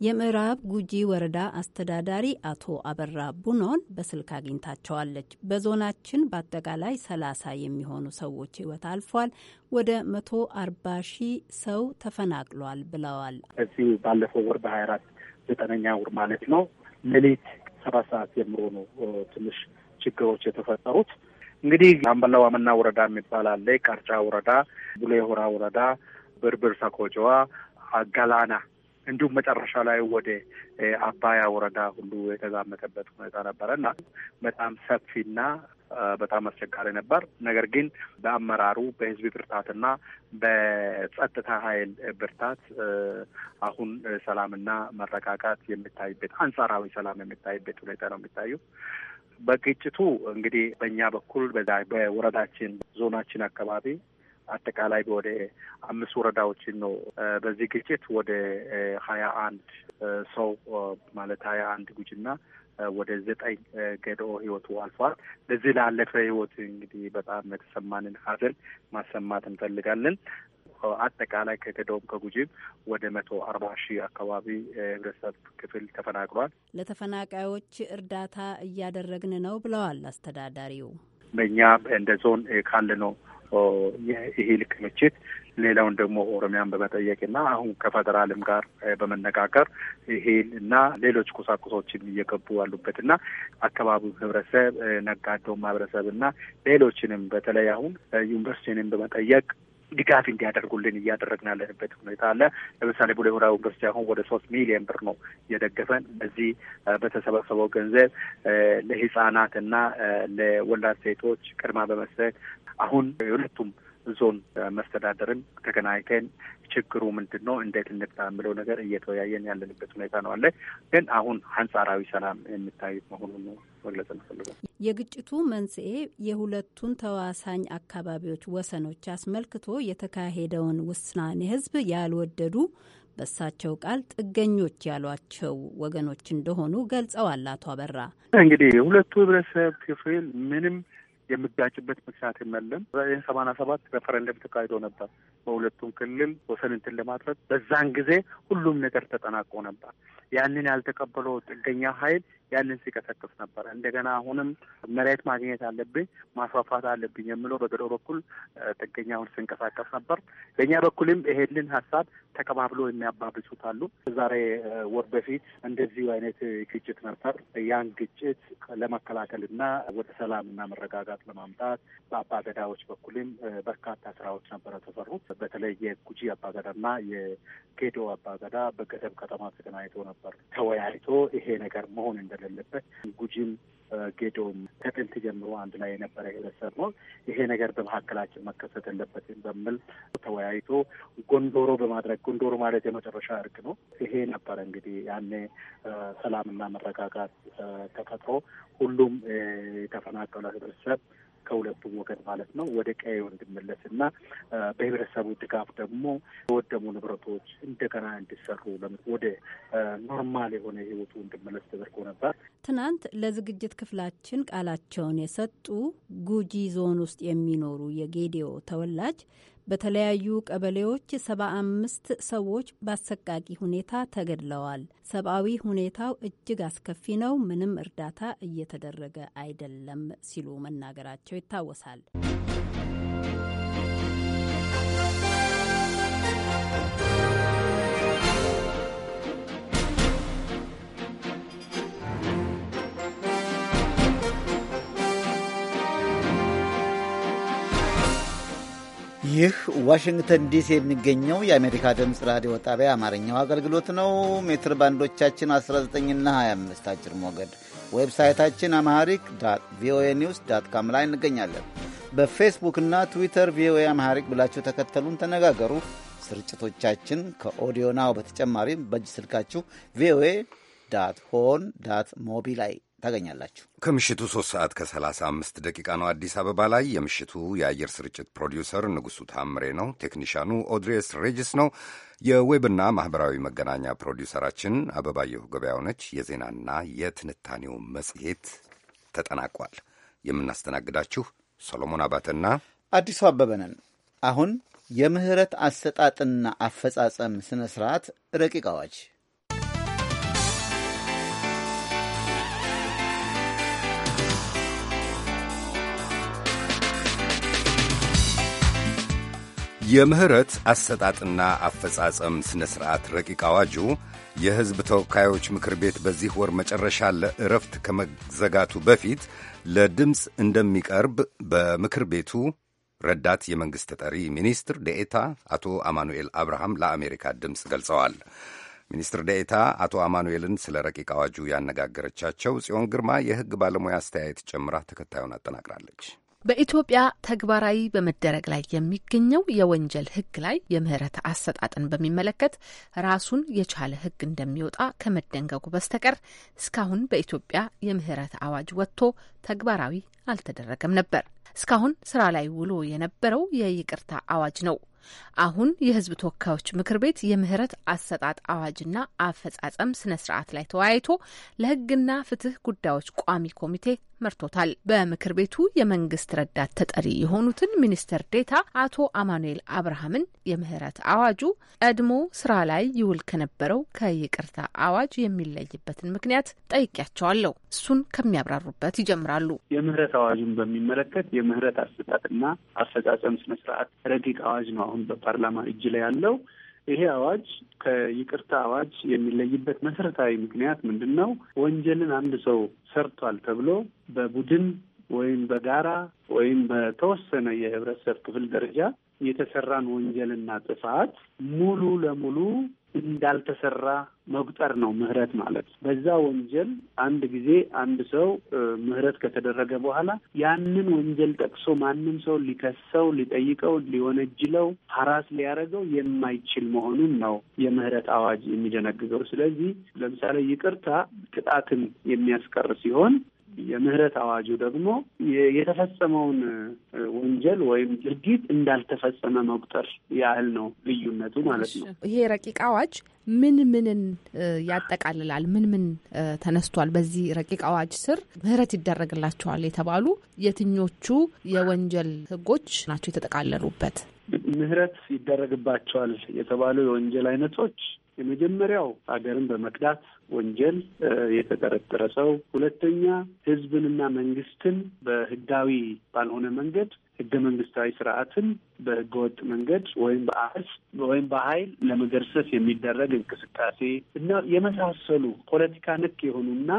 የምዕራብ ጉጂ ወረዳ አስተዳዳሪ አቶ አበራ ቡኖን በስልክ አግኝታቸዋለች። በዞናችን በአጠቃላይ ሰላሳ የሚሆኑ ሰዎች ህይወት አልፏል፣ ወደ መቶ አርባ ሺህ ሰው ተፈናቅሏል ብለዋል። እዚህ ባለፈው ወር በሀያ አራት ዘጠነኛ ወር ማለት ነው ሌሊት ሰባት ሰዓት ጀምሮ ትንሽ ችግሮች የተፈጠሩት እንግዲህ አምበላ ዋመና ወረዳ የሚባል አለ፣ ቀርጫ ወረዳ፣ ቡሌሆራ ወረዳ፣ ብርብር ሰኮጆዋ፣ አጋላና እንዲሁም መጨረሻ ላይ ወደ አባያ ወረዳ ሁሉ የተዛመተበት ሁኔታ ነበረ እና በጣም ሰፊና በጣም አስቸጋሪ ነበር። ነገር ግን በአመራሩ በህዝብ ብርታትና በጸጥታ ኃይል ብርታት አሁን ሰላምና መረጋጋት የሚታይበት አንጻራዊ ሰላም የሚታይበት ሁኔታ ነው የሚታዩ በግጭቱ እንግዲህ በእኛ በኩል በወረዳችን ዞናችን አካባቢ አጠቃላይ ወደ አምስት ወረዳዎችን ነው። በዚህ ግጭት ወደ ሀያ አንድ ሰው ማለት ሀያ አንድ ጉጅና ወደ ዘጠኝ ገድኦ ህይወቱ አልፏል። ለዚህ ላለፈ ህይወት እንግዲህ በጣም የተሰማንን ሀዘን ማሰማት እንፈልጋለን። አጠቃላይ ከገዳውም ከጉጂም ወደ መቶ አርባ ሺህ አካባቢ ህብረተሰብ ክፍል ተፈናቅሏል። ለተፈናቃዮች እርዳታ እያደረግን ነው ብለዋል አስተዳዳሪው። በእኛ እንደ ዞን ካለ ነው የእህል ክምችት ሌላውን ደግሞ ኦሮሚያን እና አሁን ከፌደራልም ጋር በመነጋገር ይሄን እና ሌሎች ቁሳቁሶችን እየገቡ ያሉበትና አካባቢው ህብረተሰብ፣ ነጋዴው ማህበረሰብ እና ሌሎችንም በተለይ አሁን ዩኒቨርሲቲንም በመጠየቅ ድጋፍ እንዲያደርጉልን እያደረግን ያለንበት ሁኔታ አለ። ለምሳሌ ቡሌ ሆራ ዩኒቨርሲቲ አሁን ወደ ሶስት ሚሊዮን ብር ነው እየደገፈን። በዚህ በተሰበሰበው ገንዘብ ለህጻናት እና ለወላድ ሴቶች ቅድማ በመስጠት አሁን የሁለቱም ዞን መስተዳደርን ተገናኝተን ችግሩ ምንድን ነው እንዴት እንፍታ የምለው ነገር እየተወያየን ያለንበት ሁኔታ ነው አለ። ግን አሁን አንጻራዊ ሰላም የሚታይ መሆኑን መግለጽ እንፈልጋል። የግጭቱ መንስኤ የሁለቱን ተዋሳኝ አካባቢዎች ወሰኖች አስመልክቶ የተካሄደውን ውሳኔ ህዝብ ያልወደዱ በሳቸው ቃል ጥገኞች ያሏቸው ወገኖች እንደሆኑ ገልጸዋል። አቶ አበራ እንግዲህ የሁለቱ ህብረተሰብ ክፍል ምንም የምጋጭበት ምክንያት የለም። ይህ ሰማንያ ሰባት ሬፈረንደም ተካሂዶ ነበር በሁለቱም ክልል ወሰን እንትን ለማድረግ በዛን ጊዜ ሁሉም ነገር ተጠናቆ ነበር። ያንን ያልተቀበለው ጥገኛ ኃይል ያንን ሲቀሰቅስ ነበር። እንደገና አሁንም መሬት ማግኘት አለብኝ፣ ማስፋፋት አለብኝ የምለው በገዶ በኩል ጥገኛውን ሲንቀሳቀስ ነበር። በእኛ በኩልም ይሄንን ሀሳብ ተቀባብሎ የሚያባብሱት አሉ። ዛሬ ወር በፊት እንደዚሁ አይነት ግጭት ነበር። ያን ግጭት ለመከላከልና ወደ ሰላምና መረጋጋት ለማምጣት በአባገዳዎች በኩልም በርካታ ስራዎች ነበረ ተሰሩት። በተለይ የጉጂ አባገዳና የጌዶ አባገዳ በገደብ ከተማ ተገናኝቶ ነበር ተወያይቶ ይሄ ነገር መሆን እንደ ያለበት ጉጂም ጌዶም ከጥንት ጀምሮ አንድ ላይ የነበረ ህብረተሰብ ነው። ይሄ ነገር በመካከላችን መከሰት ያለበትን በሚል ተወያይቶ ጎንዶሮ በማድረግ ጎንዶሮ ማለት የመጨረሻ እርቅ ነው። ይሄ ነበረ እንግዲህ ያኔ ሰላምና መረጋጋት ተፈጥሮ ሁሉም የተፈናቀለ ህብረተሰብ ከሁለቱም ወገን ማለት ነው ወደ ቀዬው እንድመለስ እና በህብረተሰቡ ድጋፍ ደግሞ የወደሙ ንብረቶች እንደገና እንዲሰሩ ወደ ኖርማል የሆነ ህይወቱ እንድመለስ ተደርጎ ነበር። ትናንት ለዝግጅት ክፍላችን ቃላቸውን የሰጡ ጉጂ ዞን ውስጥ የሚኖሩ የጌዲዮ ተወላጅ በተለያዩ ቀበሌዎች 75 ሰዎች በአሰቃቂ ሁኔታ ተገድለዋል። ሰብአዊ ሁኔታው እጅግ አስከፊ ነው፣ ምንም እርዳታ እየተደረገ አይደለም ሲሉ መናገራቸው ይታወሳል። ይህ ዋሽንግተን ዲሲ የሚገኘው የአሜሪካ ድምፅ ራዲዮ ጣቢያ አማርኛው አገልግሎት ነው። ሜትር ባንዶቻችን 19ና 25 አጭር ሞገድ ዌብሳይታችን አማሃሪክ ቪኦኤ ኒውስ ዳት ካም ላይ እንገኛለን። በፌስቡክና ትዊተር ቪኦኤ አማሃሪክ ብላችሁ ተከተሉን፣ ተነጋገሩ። ስርጭቶቻችን ከኦዲዮ ናው በተጨማሪም በእጅ ስልካችሁ ቪኦኤ ዳት ሆን ዳት ሞቢ ላይ ታገኛላችሁ። ከምሽቱ ሶስት ሰዓት ከ35 ደቂቃ ነው አዲስ አበባ ላይ። የምሽቱ የአየር ስርጭት ፕሮዲውሰር ንጉሱ ታምሬ ነው። ቴክኒሻኑ ኦድሬስ ሬጅስ ነው። የዌብና ማኅበራዊ መገናኛ ፕሮዲውሰራችን አበባየሁ ገበያው ነች። የዜናና የትንታኔው መጽሔት ተጠናቋል። የምናስተናግዳችሁ ሰሎሞን አባተና አዲሱ አበበ ነን። አሁን የምህረት አሰጣጥና አፈጻጸም ስነ ስርዓት ረቂቅ አዋጅ የምህረት አሰጣጥና አፈጻጸም ሥነ ሥርዓት ረቂቅ አዋጁ የሕዝብ ተወካዮች ምክር ቤት በዚህ ወር መጨረሻ ለእረፍት ከመዘጋቱ በፊት ለድምፅ እንደሚቀርብ በምክር ቤቱ ረዳት የመንግሥት ተጠሪ ሚኒስትር ደኤታ አቶ አማኑኤል አብርሃም ለአሜሪካ ድምፅ ገልጸዋል። ሚኒስትር ደኤታ አቶ አማኑኤልን ስለ ረቂቅ አዋጁ ያነጋገረቻቸው ጽዮን ግርማ የሕግ ባለሙያ አስተያየት ጨምራ ተከታዩን አጠናቅራለች። በኢትዮጵያ ተግባራዊ በመደረግ ላይ የሚገኘው የወንጀል ሕግ ላይ የምህረት አሰጣጥን በሚመለከት ራሱን የቻለ ሕግ እንደሚወጣ ከመደንገጉ በስተቀር እስካሁን በኢትዮጵያ የምህረት አዋጅ ወጥቶ ተግባራዊ አልተደረገም ነበር። እስካሁን ስራ ላይ ውሎ የነበረው የይቅርታ አዋጅ ነው። አሁን የህዝብ ተወካዮች ምክር ቤት የምህረት አሰጣጥ አዋጅና አፈጻጸም ስነ ስርዓት ላይ ተወያይቶ ለህግና ፍትህ ጉዳዮች ቋሚ ኮሚቴ መርቶታል። በምክር ቤቱ የመንግስት ረዳት ተጠሪ የሆኑትን ሚኒስትር ዴታ አቶ አማኑኤል አብርሃምን የምህረት አዋጁ ቀድሞ ስራ ላይ ይውል ከነበረው ከይቅርታ አዋጅ የሚለይበትን ምክንያት ጠይቄያቸዋለሁ። እሱን ከሚያብራሩበት ይጀምራሉ። የምህረት አዋጁን በሚመለከት የምህረት አሰጣጥና አፈጻጸም ስነስርዓት ረቂቅ አዋጅ ነው አሁን በፓርላማ እጅ ላይ ያለው ይሄ አዋጅ ከይቅርታ አዋጅ የሚለይበት መሰረታዊ ምክንያት ምንድን ነው? ወንጀልን አንድ ሰው ሰርቷል ተብሎ በቡድን ወይም በጋራ ወይም በተወሰነ የህብረተሰብ ክፍል ደረጃ የተሰራን ወንጀልና ጥፋት ሙሉ ለሙሉ እንዳልተሰራ መቁጠር ነው ምህረት ማለት። በዛ ወንጀል አንድ ጊዜ አንድ ሰው ምህረት ከተደረገ በኋላ ያንን ወንጀል ጠቅሶ ማንም ሰው ሊከሰው፣ ሊጠይቀው፣ ሊወነጅለው፣ ሀራስ ሊያደርገው የማይችል መሆኑን ነው የምህረት አዋጅ የሚደነግገው። ስለዚህ ለምሳሌ ይቅርታ ቅጣትን የሚያስቀር ሲሆን የምህረት አዋጁ ደግሞ የተፈጸመውን ወንጀል ወይም ድርጊት እንዳልተፈጸመ መቁጠር ያህል ነው ልዩነቱ ማለት ነው። ይሄ ረቂቅ አዋጅ ምን ምንን ያጠቃልላል? ምን ምን ተነስቷል? በዚህ ረቂቅ አዋጅ ስር ምህረት ይደረግላቸዋል የተባሉ የትኞቹ የወንጀል ህጎች ናቸው የተጠቃለሉበት? ምህረት ይደረግባቸዋል የተባሉ የወንጀል አይነቶች የመጀመሪያው ሀገርን በመክዳት ወንጀል የተጠረጠረ ሰው፣ ሁለተኛ ህዝብንና መንግስትን በህጋዊ ባልሆነ መንገድ ህገ መንግስታዊ ስርዓትን በህገወጥ መንገድ ወይም በአስ ወይም በኃይል ለመገርሰስ የሚደረግ እንቅስቃሴ እና የመሳሰሉ ፖለቲካ ነክ የሆኑና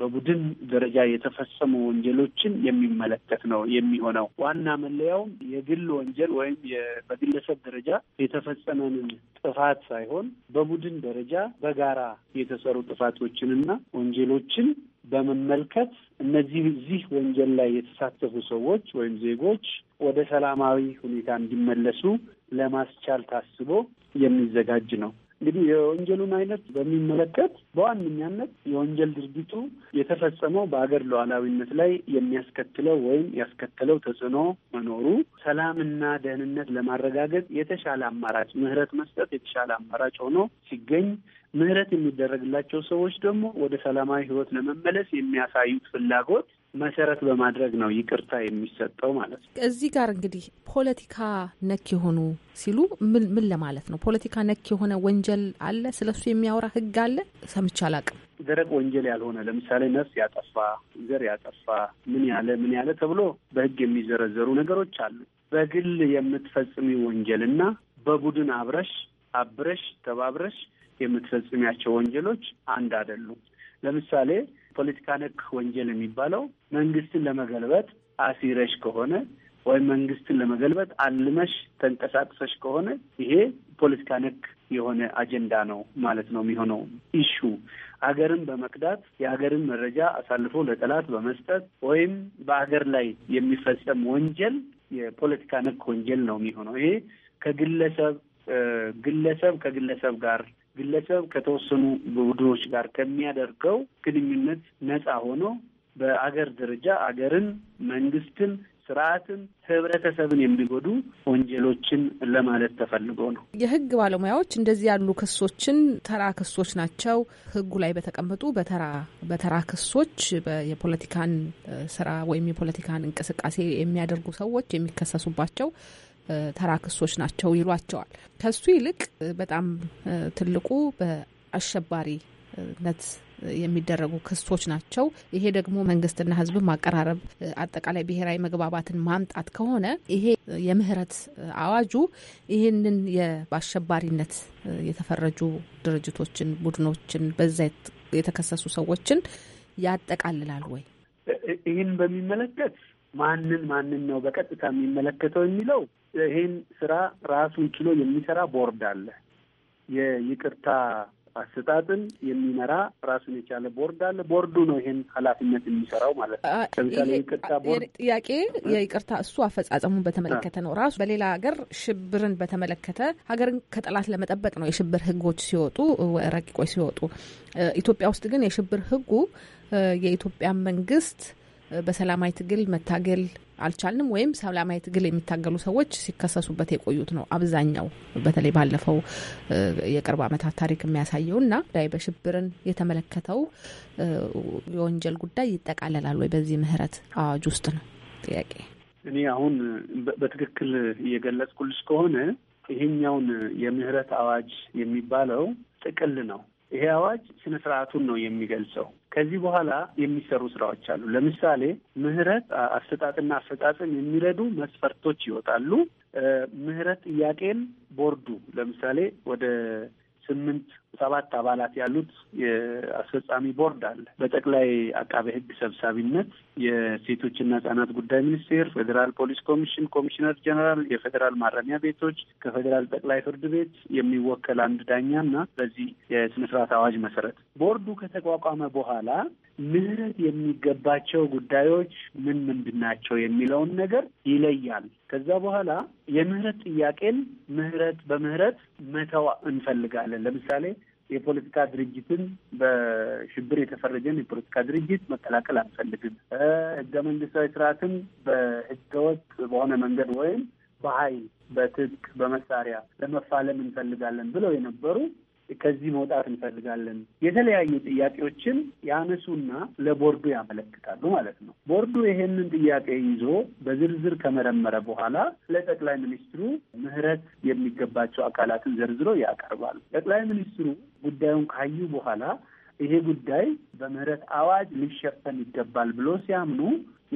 በቡድን ደረጃ የተፈጸሙ ወንጀሎችን የሚመለከት ነው የሚሆነው። ዋና መለያውም የግል ወንጀል ወይም በግለሰብ ደረጃ የተፈጸመንን ጥፋት ሳይሆን በቡድን ደረጃ በጋራ የተሰሩ ጥፋቶችንና ወንጀሎችን በመመልከት እነዚህ እዚህ ወንጀል ላይ የተሳተፉ ሰዎች ወይም ዜጎች ወደ ሰላማዊ ሁኔታ እንዲመለሱ ለማስቻል ታስቦ የሚዘጋጅ ነው። እንግዲህ የወንጀሉን አይነት በሚመለከት በዋነኛነት የወንጀል ድርጊቱ የተፈጸመው በሀገር ሉዓላዊነት ላይ የሚያስከትለው ወይም ያስከተለው ተጽዕኖ መኖሩ፣ ሰላምና ደህንነት ለማረጋገጥ የተሻለ አማራጭ ምህረት መስጠት የተሻለ አማራጭ ሆኖ ሲገኝ ምህረት የሚደረግላቸው ሰዎች ደግሞ ወደ ሰላማዊ ህይወት ለመመለስ የሚያሳዩት ፍላጎት መሰረት በማድረግ ነው ይቅርታ የሚሰጠው ማለት ነው። እዚህ ጋር እንግዲህ ፖለቲካ ነክ የሆኑ ሲሉ ምን ለማለት ነው? ፖለቲካ ነክ የሆነ ወንጀል አለ? ስለሱ የሚያወራ ህግ አለ? ሰምቼ አላቅም። ደረቅ ወንጀል ያልሆነ ለምሳሌ ነፍስ ያጠፋ፣ ዘር ያጠፋ፣ ምን ያለ ምን ያለ ተብሎ በህግ የሚዘረዘሩ ነገሮች አሉ። በግል የምትፈጽሚ ወንጀል እና በቡድን አብረሽ አብረሽ ተባብረሽ የምትፈጽሚያቸው ወንጀሎች አንድ አይደሉም። ለምሳሌ ፖለቲካ ነክ ወንጀል የሚባለው መንግስትን ለመገልበጥ አሲረሽ ከሆነ ወይም መንግስትን ለመገልበጥ አልመሽ ተንቀሳቅሰሽ ከሆነ ይሄ ፖለቲካ ነክ የሆነ አጀንዳ ነው ማለት ነው የሚሆነው። ኢሹ ሀገርን በመክዳት የሀገርን መረጃ አሳልፎ ለጠላት በመስጠት ወይም በሀገር ላይ የሚፈጸም ወንጀል የፖለቲካ ነክ ወንጀል ነው የሚሆነው። ይሄ ከግለሰብ ግለሰብ ከግለሰብ ጋር ግለሰብ ከተወሰኑ ቡድኖች ጋር ከሚያደርገው ግንኙነት ነፃ ሆኖ በአገር ደረጃ አገርን፣ መንግስትን፣ ስርዓትን፣ ህብረተሰብን የሚጎዱ ወንጀሎችን ለማለት ተፈልጎ ነው። የህግ ባለሙያዎች እንደዚህ ያሉ ክሶችን ተራ ክሶች ናቸው፣ ህጉ ላይ በተቀመጡ በተራ በተራ ክሶች የፖለቲካን ስራ ወይም የፖለቲካን እንቅስቃሴ የሚያደርጉ ሰዎች የሚከሰሱባቸው ተራ ክሶች ናቸው ይሏቸዋል። ከሱ ይልቅ በጣም ትልቁ በአሸባሪነት የሚደረጉ ክሶች ናቸው። ይሄ ደግሞ መንግስትና ህዝብን ማቀራረብ አጠቃላይ ብሔራዊ መግባባትን ማምጣት ከሆነ ይሄ የምህረት አዋጁ ይህንን በአሸባሪነት የተፈረጁ ድርጅቶችን፣ ቡድኖችን በዛ የተከሰሱ ሰዎችን ያጠቃልላል ወይ? ይህን በሚመለከት ማንን ማንን ነው በቀጥታ የሚመለከተው የሚለው ይሄን ስራ ራሱን ችሎ የሚሰራ ቦርድ አለ። የይቅርታ አሰጣጥን የሚመራ ራሱን የቻለ ቦርድ አለ። ቦርዱ ነው ይሄን ኃላፊነት የሚሰራው ማለት ነው። ለምሳሌ ይቅርታ ቦርድ ጥያቄ የይቅርታ እሱ አፈጻጸሙን በተመለከተ ነው። ራሱ በሌላ ሀገር ሽብርን በተመለከተ ሀገርን ከጠላት ለመጠበቅ ነው የሽብር ህጎች ሲወጡ ረቂቆች ሲወጡ። ኢትዮጵያ ውስጥ ግን የሽብር ህጉ የኢትዮጵያ መንግስት በሰላማዊ ትግል መታገል አልቻልንም ወይም ሰላማዊ ትግል የሚታገሉ ሰዎች ሲከሰሱበት የቆዩት ነው አብዛኛው በተለይ ባለፈው የቅርብ ዓመታት ታሪክ የሚያሳየው እና ዳይ በሽብርን የተመለከተው የወንጀል ጉዳይ ይጠቃለላል ወይ በዚህ ምህረት አዋጅ ውስጥ ነው ጥያቄ። እኔ አሁን በትክክል እየገለጽኩልሽ ከሆነ ይሄኛውን የምህረት አዋጅ የሚባለው ጥቅል ነው ይሄ አዋጅ ስነ ስርዓቱን ነው የሚገልጸው። ከዚህ በኋላ የሚሰሩ ስራዎች አሉ። ለምሳሌ ምህረት አሰጣጥና አፈጻጸም የሚረዱ መስፈርቶች ይወጣሉ። ምህረት ጥያቄን ቦርዱ ለምሳሌ ወደ ስምንት ሰባት አባላት ያሉት የአስፈጻሚ ቦርድ አለ። በጠቅላይ አቃቤ ሕግ ሰብሳቢነት የሴቶችና ህጻናት ጉዳይ ሚኒስቴር፣ ፌዴራል ፖሊስ ኮሚሽን ኮሚሽነር ጀነራል፣ የፌዴራል ማረሚያ ቤቶች፣ ከፌዴራል ጠቅላይ ፍርድ ቤት የሚወከል አንድ ዳኛ እና በዚህ የስነ ስርዓት አዋጅ መሰረት ቦርዱ ከተቋቋመ በኋላ ምህረት የሚገባቸው ጉዳዮች ምን ምንድን ናቸው የሚለውን ነገር ይለያል። ከዛ በኋላ የምህረት ጥያቄን ምህረት በምህረት መተው እንፈልጋለን። ለምሳሌ የፖለቲካ ድርጅትን በሽብር የተፈረጀን የፖለቲካ ድርጅት መቀላቀል አንፈልግም። ህገ መንግስታዊ ስርዓትን በህገወጥ በሆነ መንገድ ወይም በኃይል በትጥቅ በመሳሪያ ለመፋለም እንፈልጋለን ብለው የነበሩ ከዚህ መውጣት እንፈልጋለን የተለያዩ ጥያቄዎችን ያነሱና ለቦርዱ ያመለክታሉ ማለት ነው። ቦርዱ ይሄንን ጥያቄ ይዞ በዝርዝር ከመረመረ በኋላ ለጠቅላይ ሚኒስትሩ ምህረት የሚገባቸው አካላትን ዘርዝሮ ያቀርባል። ጠቅላይ ሚኒስትሩ ጉዳዩን ካዩ በኋላ ይሄ ጉዳይ በምህረት አዋጅ ሊሸፈን ይገባል ብሎ ሲያምኑ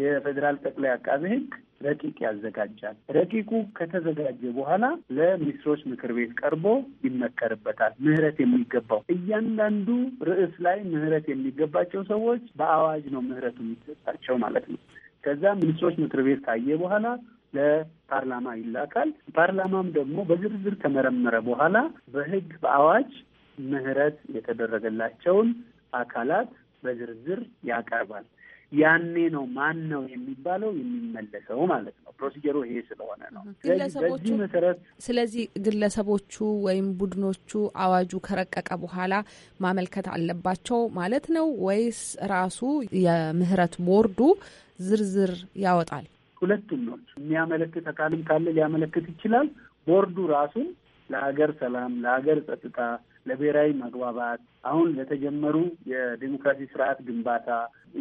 የፌዴራል ጠቅላይ አቃቤ ሕግ ረቂቅ ያዘጋጃል። ረቂቁ ከተዘጋጀ በኋላ ለሚኒስትሮች ምክር ቤት ቀርቦ ይመከርበታል። ምህረት የሚገባው እያንዳንዱ ርዕስ ላይ ምህረት የሚገባቸው ሰዎች በአዋጅ ነው ምህረቱ የሚሰጣቸው ማለት ነው። ከዛ ሚኒስትሮች ምክር ቤት ካየ በኋላ ለፓርላማ ይላካል። ፓርላማም ደግሞ በዝርዝር ከመረመረ በኋላ በህግ በአዋጅ ምህረት የተደረገላቸውን አካላት በዝርዝር ያቀርባል። ያኔ ነው ማን ነው የሚባለው የሚመለሰው ማለት ነው። ፕሮሲጀሩ ይሄ ስለሆነ ነው። መሰረት ስለዚህ ግለሰቦቹ ወይም ቡድኖቹ አዋጁ ከረቀቀ በኋላ ማመልከት አለባቸው ማለት ነው ወይስ ራሱ የምህረት ቦርዱ ዝርዝር ያወጣል? ሁለቱም ነው። የሚያመለክት አካልም ካለ ሊያመለክት ይችላል። ቦርዱ ራሱን ለሀገር ሰላም፣ ለሀገር ጸጥታ፣ ለብሔራዊ መግባባት አሁን ለተጀመሩ የዴሞክራሲ ስርዓት ግንባታ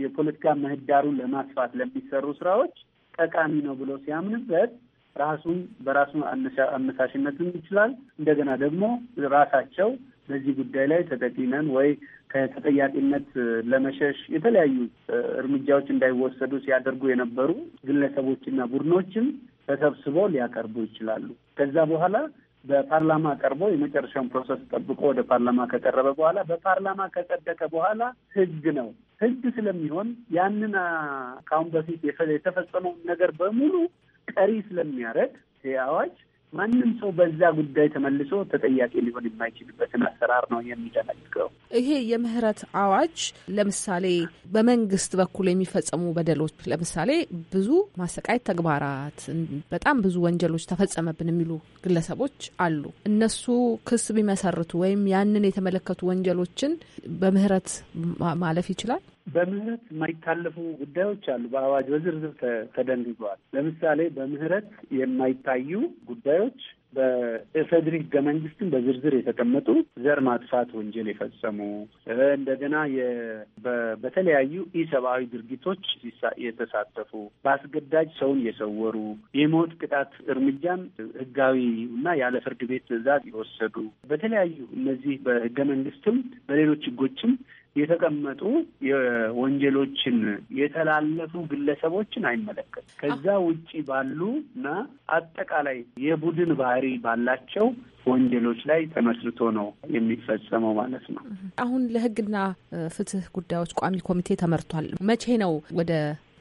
የፖለቲካ ምህዳሩን ለማስፋት ለሚሰሩ ስራዎች ጠቃሚ ነው ብሎ ሲያምንበት ራሱን በራሱ አነሳሽነትም ይችላል። እንደገና ደግሞ ራሳቸው በዚህ ጉዳይ ላይ ተጠቂ ነን ወይ ከተጠያቂነት ለመሸሽ የተለያዩ እርምጃዎች እንዳይወሰዱ ሲያደርጉ የነበሩ ግለሰቦችና ቡድኖችም ተሰብስበው ሊያቀርቡ ይችላሉ። ከዛ በኋላ በፓርላማ ቀርቦ የመጨረሻውን ፕሮሰስ ጠብቆ ወደ ፓርላማ ከቀረበ በኋላ በፓርላማ ከጸደቀ በኋላ ህግ ነው ህግ ስለሚሆን ያንን ከአሁን በፊት የተፈጸመውን ነገር በሙሉ ቀሪ ስለሚያደርግ አዋጅ ማንም ሰው በዛ ጉዳይ ተመልሶ ተጠያቂ ሊሆን የማይችልበትን አሰራር ነው የሚደነግገው። ይሄ የምህረት አዋጅ ለምሳሌ በመንግስት በኩል የሚፈጸሙ በደሎች፣ ለምሳሌ ብዙ ማሰቃየት ተግባራት፣ በጣም ብዙ ወንጀሎች ተፈጸመብን የሚሉ ግለሰቦች አሉ። እነሱ ክስ ቢመሰርቱ ወይም ያንን የተመለከቱ ወንጀሎችን በምህረት ማለፍ ይችላል። በምህረት የማይታለፉ ጉዳዮች አሉ። በአዋጅ በዝርዝር ተደንግገዋል። ለምሳሌ በምህረት የማይታዩ ጉዳዮች በኢፌዴሪ ሕገ በዝርዝር የተቀመጡ ዘር ማጥፋት ወንጀል የፈጸሙ እንደገና በተለያዩ ኢሰብአዊ ድርጊቶች የተሳተፉ በአስገዳጅ ሰውን የሰወሩ የሞት ቅጣት እርምጃን ህጋዊ እና ያለ ፍርድ ቤት ትዕዛዝ የወሰዱ በተለያዩ እነዚህ በህገ መንግስትም በሌሎች ህጎችም። የተቀመጡ የወንጀሎችን የተላለፉ ግለሰቦችን አይመለከትም። ከዛ ውጪ ባሉ እና አጠቃላይ የቡድን ባህሪ ባላቸው ወንጀሎች ላይ ተመስርቶ ነው የሚፈጸመው ማለት ነው። አሁን ለሕግና ፍትህ ጉዳዮች ቋሚ ኮሚቴ ተመርቷል። መቼ ነው ወደ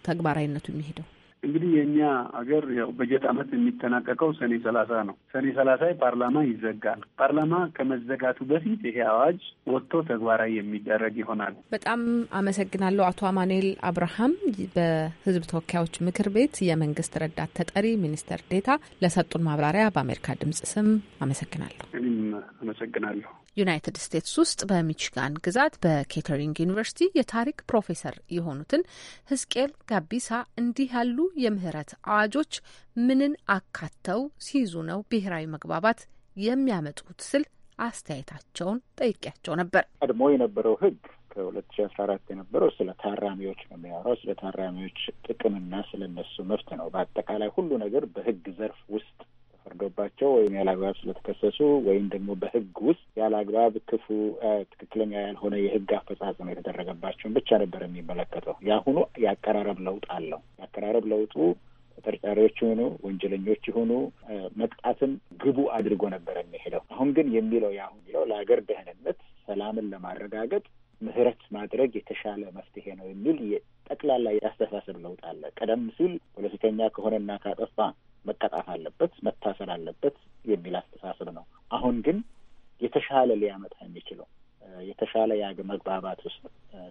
ተግባራዊነቱ የሚሄደው? እንግዲህ የእኛ ሀገር ያው በጀት አመት የሚጠናቀቀው ሰኔ ሰላሳ ነው። ሰኔ ሰላሳ ፓርላማ ይዘጋል። ፓርላማ ከመዘጋቱ በፊት ይሄ አዋጅ ወጥቶ ተግባራዊ የሚደረግ ይሆናል። በጣም አመሰግናለሁ አቶ አማኑኤል አብርሃም በህዝብ ተወካዮች ምክር ቤት የመንግስት ረዳት ተጠሪ ሚኒስተር ዴታ ለሰጡን ማብራሪያ በአሜሪካ ድምጽ ስም አመሰግናለሁ። እኔም አመሰግናለሁ። ዩናይትድ ስቴትስ ውስጥ በሚችጋን ግዛት በኬተሪንግ ዩኒቨርሲቲ የታሪክ ፕሮፌሰር የሆኑትን ህዝቅኤል ጋቢሳ እንዲህ ያሉ የምህረት አዋጆች ምንን አካተው ሲይዙ ነው ብሔራዊ መግባባት የሚያመጡት ስል አስተያየታቸውን ጠይቄያቸው ነበር። ቀድሞ የነበረው ህግ ከሁለት ሺ አስራ አራት የነበረው ስለ ታራሚዎች ነው የሚያወራው። ስለ ታራሚዎች ጥቅምና ስለ እነሱ መብት ነው። በአጠቃላይ ሁሉ ነገር በህግ ዘርፍ ውስጥ ፈርዶባቸው ወይም ያለ አግባብ ስለተከሰሱ ወይም ደግሞ በህግ ውስጥ ያለ አግባብ ክፉ ትክክለኛ ያልሆነ የህግ አፈጻጸም የተደረገባቸውን ብቻ ነበር የሚመለከተው። የአሁኑ የአቀራረብ ለውጥ አለው። የአቀራረብ ለውጡ ተጠርጣሪዎች የሆኑ ወንጀለኞች የሆኑ መቅጣትን ግቡ አድርጎ ነበር የሚሄደው። አሁን ግን የሚለው የአሁን የሚለው ለሀገር ደህንነት ሰላምን ለማረጋገጥ ምህረት ማድረግ የተሻለ መፍትሄ ነው የሚል ጠቅላላ የአስተሳሰብ ለውጥ አለ። ቀደም ሲል ፖለቲከኛ ከሆነና ካጠፋ መቀጣት አለበት፣ መታሰር አለበት የሚል አስተሳሰብ ነው። አሁን ግን የተሻለ ሊያመጣ የሚችለው የተሻለ የአገ መግባባት ውስጥ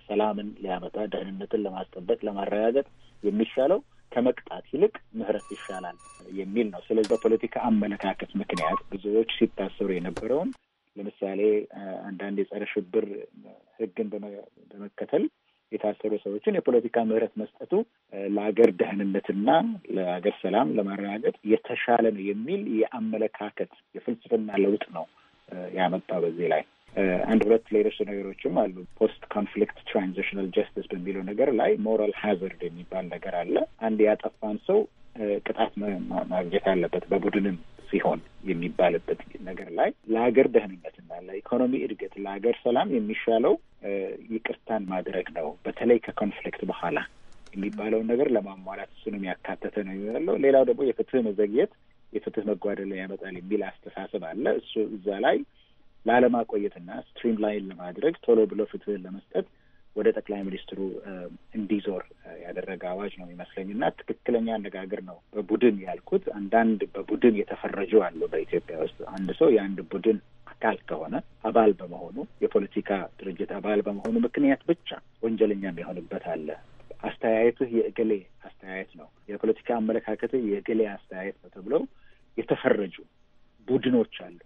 ሰላምን ሊያመጣ ደህንነትን ለማስጠበቅ ለማረጋገጥ የሚሻለው ከመቅጣት ይልቅ ምህረት ይሻላል የሚል ነው። ስለዚህ በፖለቲካ አመለካከት ምክንያት ብዙዎች ሲታሰሩ የነበረውን ለምሳሌ አንዳንድ የጸረ ሽብር ህግን በመከተል የታሰሩ ሰዎችን የፖለቲካ ምህረት መስጠቱ ለሀገር ደህንነትና ለሀገር ሰላም ለማረጋገጥ የተሻለ ነው የሚል የአመለካከት የፍልስፍና ለውጥ ነው ያመጣው። በዚህ ላይ አንድ ሁለት ሌሎች ነገሮችም አሉ። ፖስት ኮንፍሊክት ትራንዚሽናል ጀስቲስ በሚለው ነገር ላይ ሞራል ሃዘርድ የሚባል ነገር አለ። አንድ ያጠፋን ሰው ቅጣት ማግኘት አለበት በቡድንም ሲሆን የሚባልበት ነገር ላይ ለሀገር ደህንነትና ለኢኮኖሚ እድገት ለሀገር ሰላም የሚሻለው አንደርስታንድ ማድረግ ነው። በተለይ ከኮንፍሊክት በኋላ የሚባለውን ነገር ለማሟላት እሱንም ያካተተ ነው ያለው። ሌላው ደግሞ የፍትህ መዘግየት የፍትህ መጓደል ያመጣል የሚል አስተሳሰብ አለ። እሱ እዛ ላይ ላለማቆየትና ስትሪም ላይን ለማድረግ ቶሎ ብሎ ፍትህን ለመስጠት ወደ ጠቅላይ ሚኒስትሩ እንዲዞር ያደረገ አዋጅ ነው የሚመስለኝ እና ትክክለኛ አነጋገር ነው። በቡድን ያልኩት አንዳንድ በቡድን የተፈረጁ አሉ በኢትዮጵያ ውስጥ አንድ ሰው የአንድ ቡድን አካል ከሆነ አባል በመሆኑ የፖለቲካ ድርጅት አባል በመሆኑ ምክንያት ብቻ ወንጀለኛ የሚሆንበት አለ። አስተያየትህ የእገሌ አስተያየት ነው፣ የፖለቲካ አመለካከትህ የእገሌ አስተያየት ነው ተብለው የተፈረጁ ቡድኖች አሉ።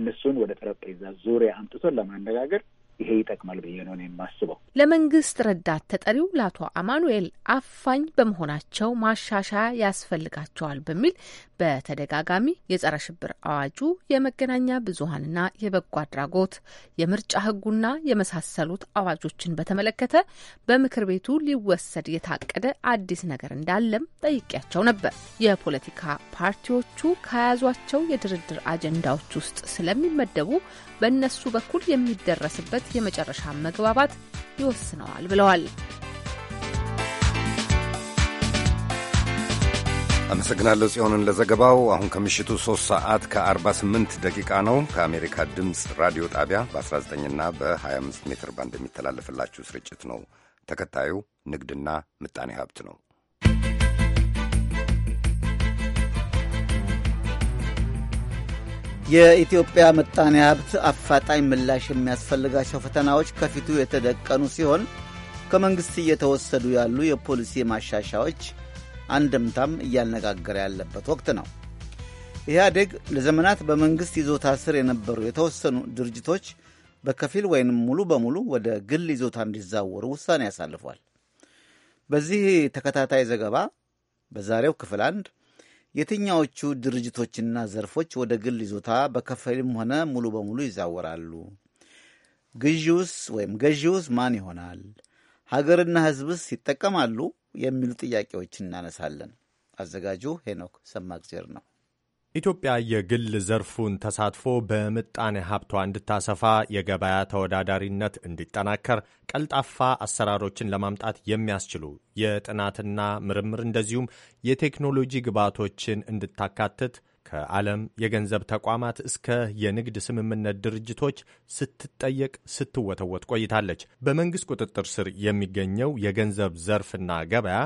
እነሱን ወደ ጠረጴዛ ዙሪያ አምጥቶ ለማነጋገር ይሄ ይጠቅማል ብዬ ነው የማስበው። ለመንግስት ረዳት ተጠሪው ለአቶ አማኑኤል አፋኝ በመሆናቸው ማሻሻያ ያስፈልጋቸዋል በሚል በተደጋጋሚ የጸረ ሽብር አዋጁ የመገናኛ ብዙሀንና የበጎ አድራጎት የምርጫ ህጉና የመሳሰሉት አዋጆችን በተመለከተ በምክር ቤቱ ሊወሰድ የታቀደ አዲስ ነገር እንዳለም ጠይቄያቸው ነበር። የፖለቲካ ፓርቲዎቹ ከያዟቸው የድርድር አጀንዳዎች ውስጥ ስለሚመደቡ በእነሱ በኩል የሚደረስበት የመጨረሻ መግባባት ይወስነዋል ብለዋል። አመሰግናለሁ ጽዮንን ለዘገባው። አሁን ከምሽቱ 3 ሰዓት ከ48 ደቂቃ ነው። ከአሜሪካ ድምፅ ራዲዮ ጣቢያ በ19ና በ25 ሜትር ባንድ የሚተላለፍላችሁ ስርጭት ነው። ተከታዩ ንግድና ምጣኔ ሀብት ነው። የኢትዮጵያ ምጣኔ ሀብት አፋጣኝ ምላሽ የሚያስፈልጋቸው ፈተናዎች ከፊቱ የተደቀኑ ሲሆን ከመንግሥት እየተወሰዱ ያሉ የፖሊሲ ማሻሻዎች አንድምታም እያነጋገረ ያለበት ወቅት ነው። ኢህአዴግ ለዘመናት በመንግሥት ይዞታ ስር የነበሩ የተወሰኑ ድርጅቶች በከፊል ወይንም ሙሉ በሙሉ ወደ ግል ይዞታ እንዲዛወሩ ውሳኔ ያሳልፏል። በዚህ ተከታታይ ዘገባ በዛሬው ክፍል አንድ የትኛዎቹ ድርጅቶችና ዘርፎች ወደ ግል ይዞታ በከፊልም ሆነ ሙሉ በሙሉ ይዛወራሉ? ግዢውስ ወይም ገዢውስ ማን ይሆናል? ሀገርና ሕዝብስ ይጠቀማሉ? የሚሉ ጥያቄዎች እናነሳለን። አዘጋጁ ሄኖክ ሰማግዜር ነው። ኢትዮጵያ የግል ዘርፉን ተሳትፎ በምጣኔ ሀብቷ እንድታሰፋ፣ የገበያ ተወዳዳሪነት እንዲጠናከር፣ ቀልጣፋ አሰራሮችን ለማምጣት የሚያስችሉ የጥናትና ምርምር እንደዚሁም የቴክኖሎጂ ግብዓቶችን እንድታካትት ከዓለም የገንዘብ ተቋማት እስከ የንግድ ስምምነት ድርጅቶች ስትጠየቅ ስትወተወት ቆይታለች። በመንግሥት ቁጥጥር ስር የሚገኘው የገንዘብ ዘርፍና ገበያ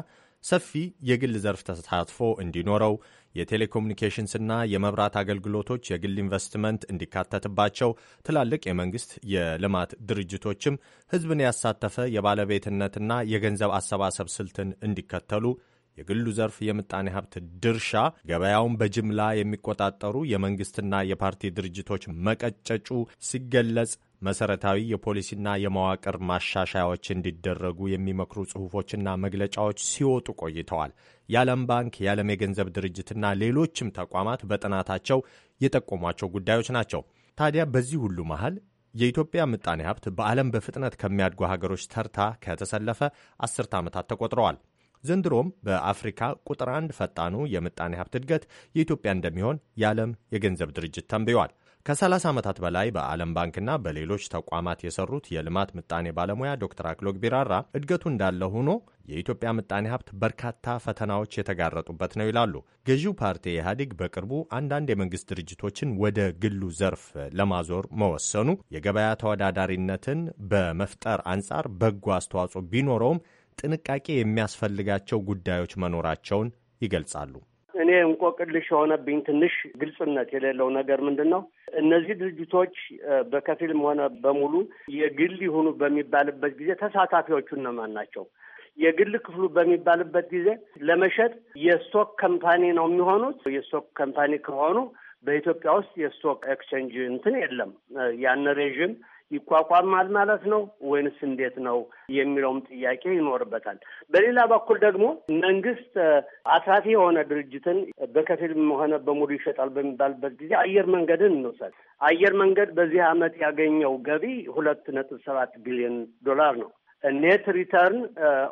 ሰፊ የግል ዘርፍ ተሳትፎ እንዲኖረው፣ የቴሌኮሙኒኬሽንስና የመብራት አገልግሎቶች የግል ኢንቨስትመንት እንዲካተትባቸው፣ ትላልቅ የመንግሥት የልማት ድርጅቶችም ሕዝብን ያሳተፈ የባለቤትነትና የገንዘብ አሰባሰብ ስልትን እንዲከተሉ የግሉ ዘርፍ የምጣኔ ሀብት ድርሻ ገበያውን በጅምላ የሚቆጣጠሩ የመንግስትና የፓርቲ ድርጅቶች መቀጨጩ ሲገለጽ መሰረታዊ የፖሊሲና የመዋቅር ማሻሻያዎች እንዲደረጉ የሚመክሩ ጽሁፎችና መግለጫዎች ሲወጡ ቆይተዋል። የዓለም ባንክ፣ የዓለም የገንዘብ ድርጅትና ሌሎችም ተቋማት በጥናታቸው የጠቆሟቸው ጉዳዮች ናቸው። ታዲያ በዚህ ሁሉ መሀል የኢትዮጵያ ምጣኔ ሀብት በዓለም በፍጥነት ከሚያድጉ ሀገሮች ተርታ ከተሰለፈ አስርተ ዓመታት ተቆጥረዋል። ዘንድሮም በአፍሪካ ቁጥር አንድ ፈጣኑ የምጣኔ ሀብት እድገት የኢትዮጵያ እንደሚሆን የዓለም የገንዘብ ድርጅት ተንብየዋል። ከ30 ዓመታት በላይ በዓለም ባንክና በሌሎች ተቋማት የሰሩት የልማት ምጣኔ ባለሙያ ዶክተር አክሎግ ቢራራ እድገቱ እንዳለ ሆኖ የኢትዮጵያ ምጣኔ ሀብት በርካታ ፈተናዎች የተጋረጡበት ነው ይላሉ። ገዢው ፓርቲ ኢህአዴግ በቅርቡ አንዳንድ የመንግስት ድርጅቶችን ወደ ግሉ ዘርፍ ለማዞር መወሰኑ የገበያ ተወዳዳሪነትን በመፍጠር አንጻር በጎ አስተዋጽኦ ቢኖረውም ጥንቃቄ የሚያስፈልጋቸው ጉዳዮች መኖራቸውን ይገልጻሉ። እኔ እንቆቅልሽ የሆነብኝ ትንሽ ግልጽነት የሌለው ነገር ምንድን ነው? እነዚህ ድርጅቶች በከፊልም ሆነ በሙሉ የግል ይሁኑ በሚባልበት ጊዜ ተሳታፊዎቹ እነማን ናቸው? የግል ክፍሉ በሚባልበት ጊዜ ለመሸጥ የስቶክ ከምፓኒ ነው የሚሆኑት። የስቶክ ከምፓኒ ከሆኑ በኢትዮጵያ ውስጥ የስቶክ ኤክስቼንጅ እንትን የለም። ያን ሬዥም ይቋቋማል ማለት ነው ወይንስ እንዴት ነው የሚለውም ጥያቄ ይኖርበታል። በሌላ በኩል ደግሞ መንግስት አትራፊ የሆነ ድርጅትን በከፊልም ሆነ በሙሉ ይሸጣል በሚባልበት ጊዜ አየር መንገድን እንውሰድ። አየር መንገድ በዚህ ዓመት ያገኘው ገቢ ሁለት ነጥብ ሰባት ቢሊዮን ዶላር ነው። ኔት ሪተርን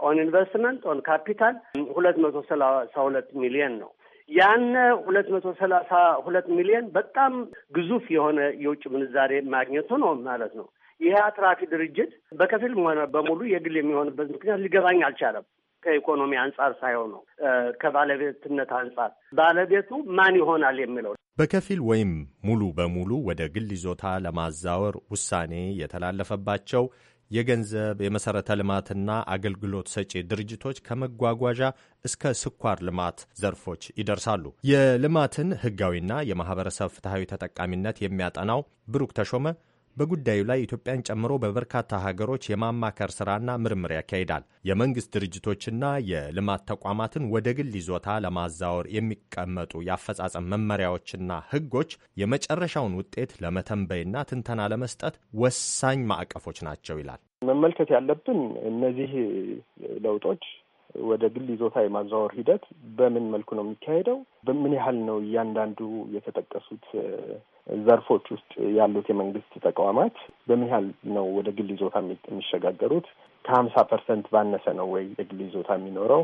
ኦን ኢንቨስትመንት ኦን ካፒታል ሁለት መቶ ሰላሳ ሁለት ሚሊዮን ነው። ያነ ሁለት መቶ ሰላሳ ሁለት ሚሊዮን በጣም ግዙፍ የሆነ የውጭ ምንዛሬ ማግኘቱ ነው ማለት ነው። ይህ አትራፊ ድርጅት በከፊል ሆነ በሙሉ የግል የሚሆንበት ምክንያት ሊገባኝ አልቻለም። ከኢኮኖሚ አንጻር ሳይሆን ነው፣ ከባለቤትነት አንጻር ባለቤቱ ማን ይሆናል የሚለው በከፊል ወይም ሙሉ በሙሉ ወደ ግል ይዞታ ለማዛወር ውሳኔ የተላለፈባቸው የገንዘብ የመሠረተ ልማትና አገልግሎት ሰጪ ድርጅቶች ከመጓጓዣ እስከ ስኳር ልማት ዘርፎች ይደርሳሉ። የልማትን ሕጋዊና የማኅበረሰብ ፍትሐዊ ተጠቃሚነት የሚያጠናው ብሩክ ተሾመ በጉዳዩ ላይ ኢትዮጵያን ጨምሮ በበርካታ ሀገሮች የማማከር ስራና ምርምር ያካሂዳል። የመንግስት ድርጅቶችና የልማት ተቋማትን ወደ ግል ይዞታ ለማዛወር የሚቀመጡ የአፈጻጸም መመሪያዎችና ህጎች የመጨረሻውን ውጤት ለመተንበይና ትንተና ለመስጠት ወሳኝ ማዕቀፎች ናቸው ይላል። መመልከት ያለብን እነዚህ ለውጦች ወደ ግል ይዞታ የማዛወር ሂደት በምን መልኩ ነው የሚካሄደው? በምን ያህል ነው እያንዳንዱ የተጠቀሱት ዘርፎች ውስጥ ያሉት የመንግስት ተቋማት በምን ያህል ነው ወደ ግል ይዞታ የሚሸጋገሩት? ከሀምሳ ፐርሰንት ባነሰ ነው ወይ የግል ይዞታ የሚኖረው?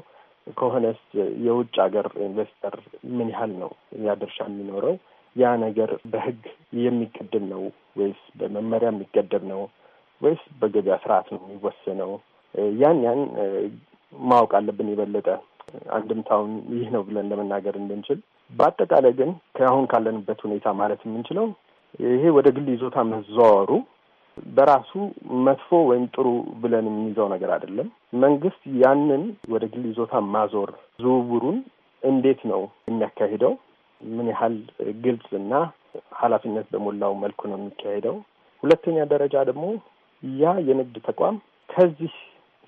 ከሆነስ የውጭ ሀገር ኢንቨስተር ምን ያህል ነው ያድርሻ የሚኖረው? ያ ነገር በህግ የሚገደብ ነው ወይስ በመመሪያ የሚገደብ ነው ወይስ በገበያ ስርዓት ነው የሚወሰነው? ያን ያን ማወቅ አለብን የበለጠ አንድምታውን ይህ ነው ብለን ለመናገር እንድንችል። በአጠቃላይ ግን ከአሁን ካለንበት ሁኔታ ማለት የምንችለው ይሄ ወደ ግል ይዞታ መዘዋወሩ በራሱ መጥፎ ወይም ጥሩ ብለን የሚይዘው ነገር አይደለም። መንግስት ያንን ወደ ግል ይዞታ ማዞር ዝውውሩን እንዴት ነው የሚያካሂደው? ምን ያህል ግልጽ እና ኃላፊነት በሞላው መልኩ ነው የሚካሄደው? ሁለተኛ ደረጃ ደግሞ ያ የንግድ ተቋም ከዚህ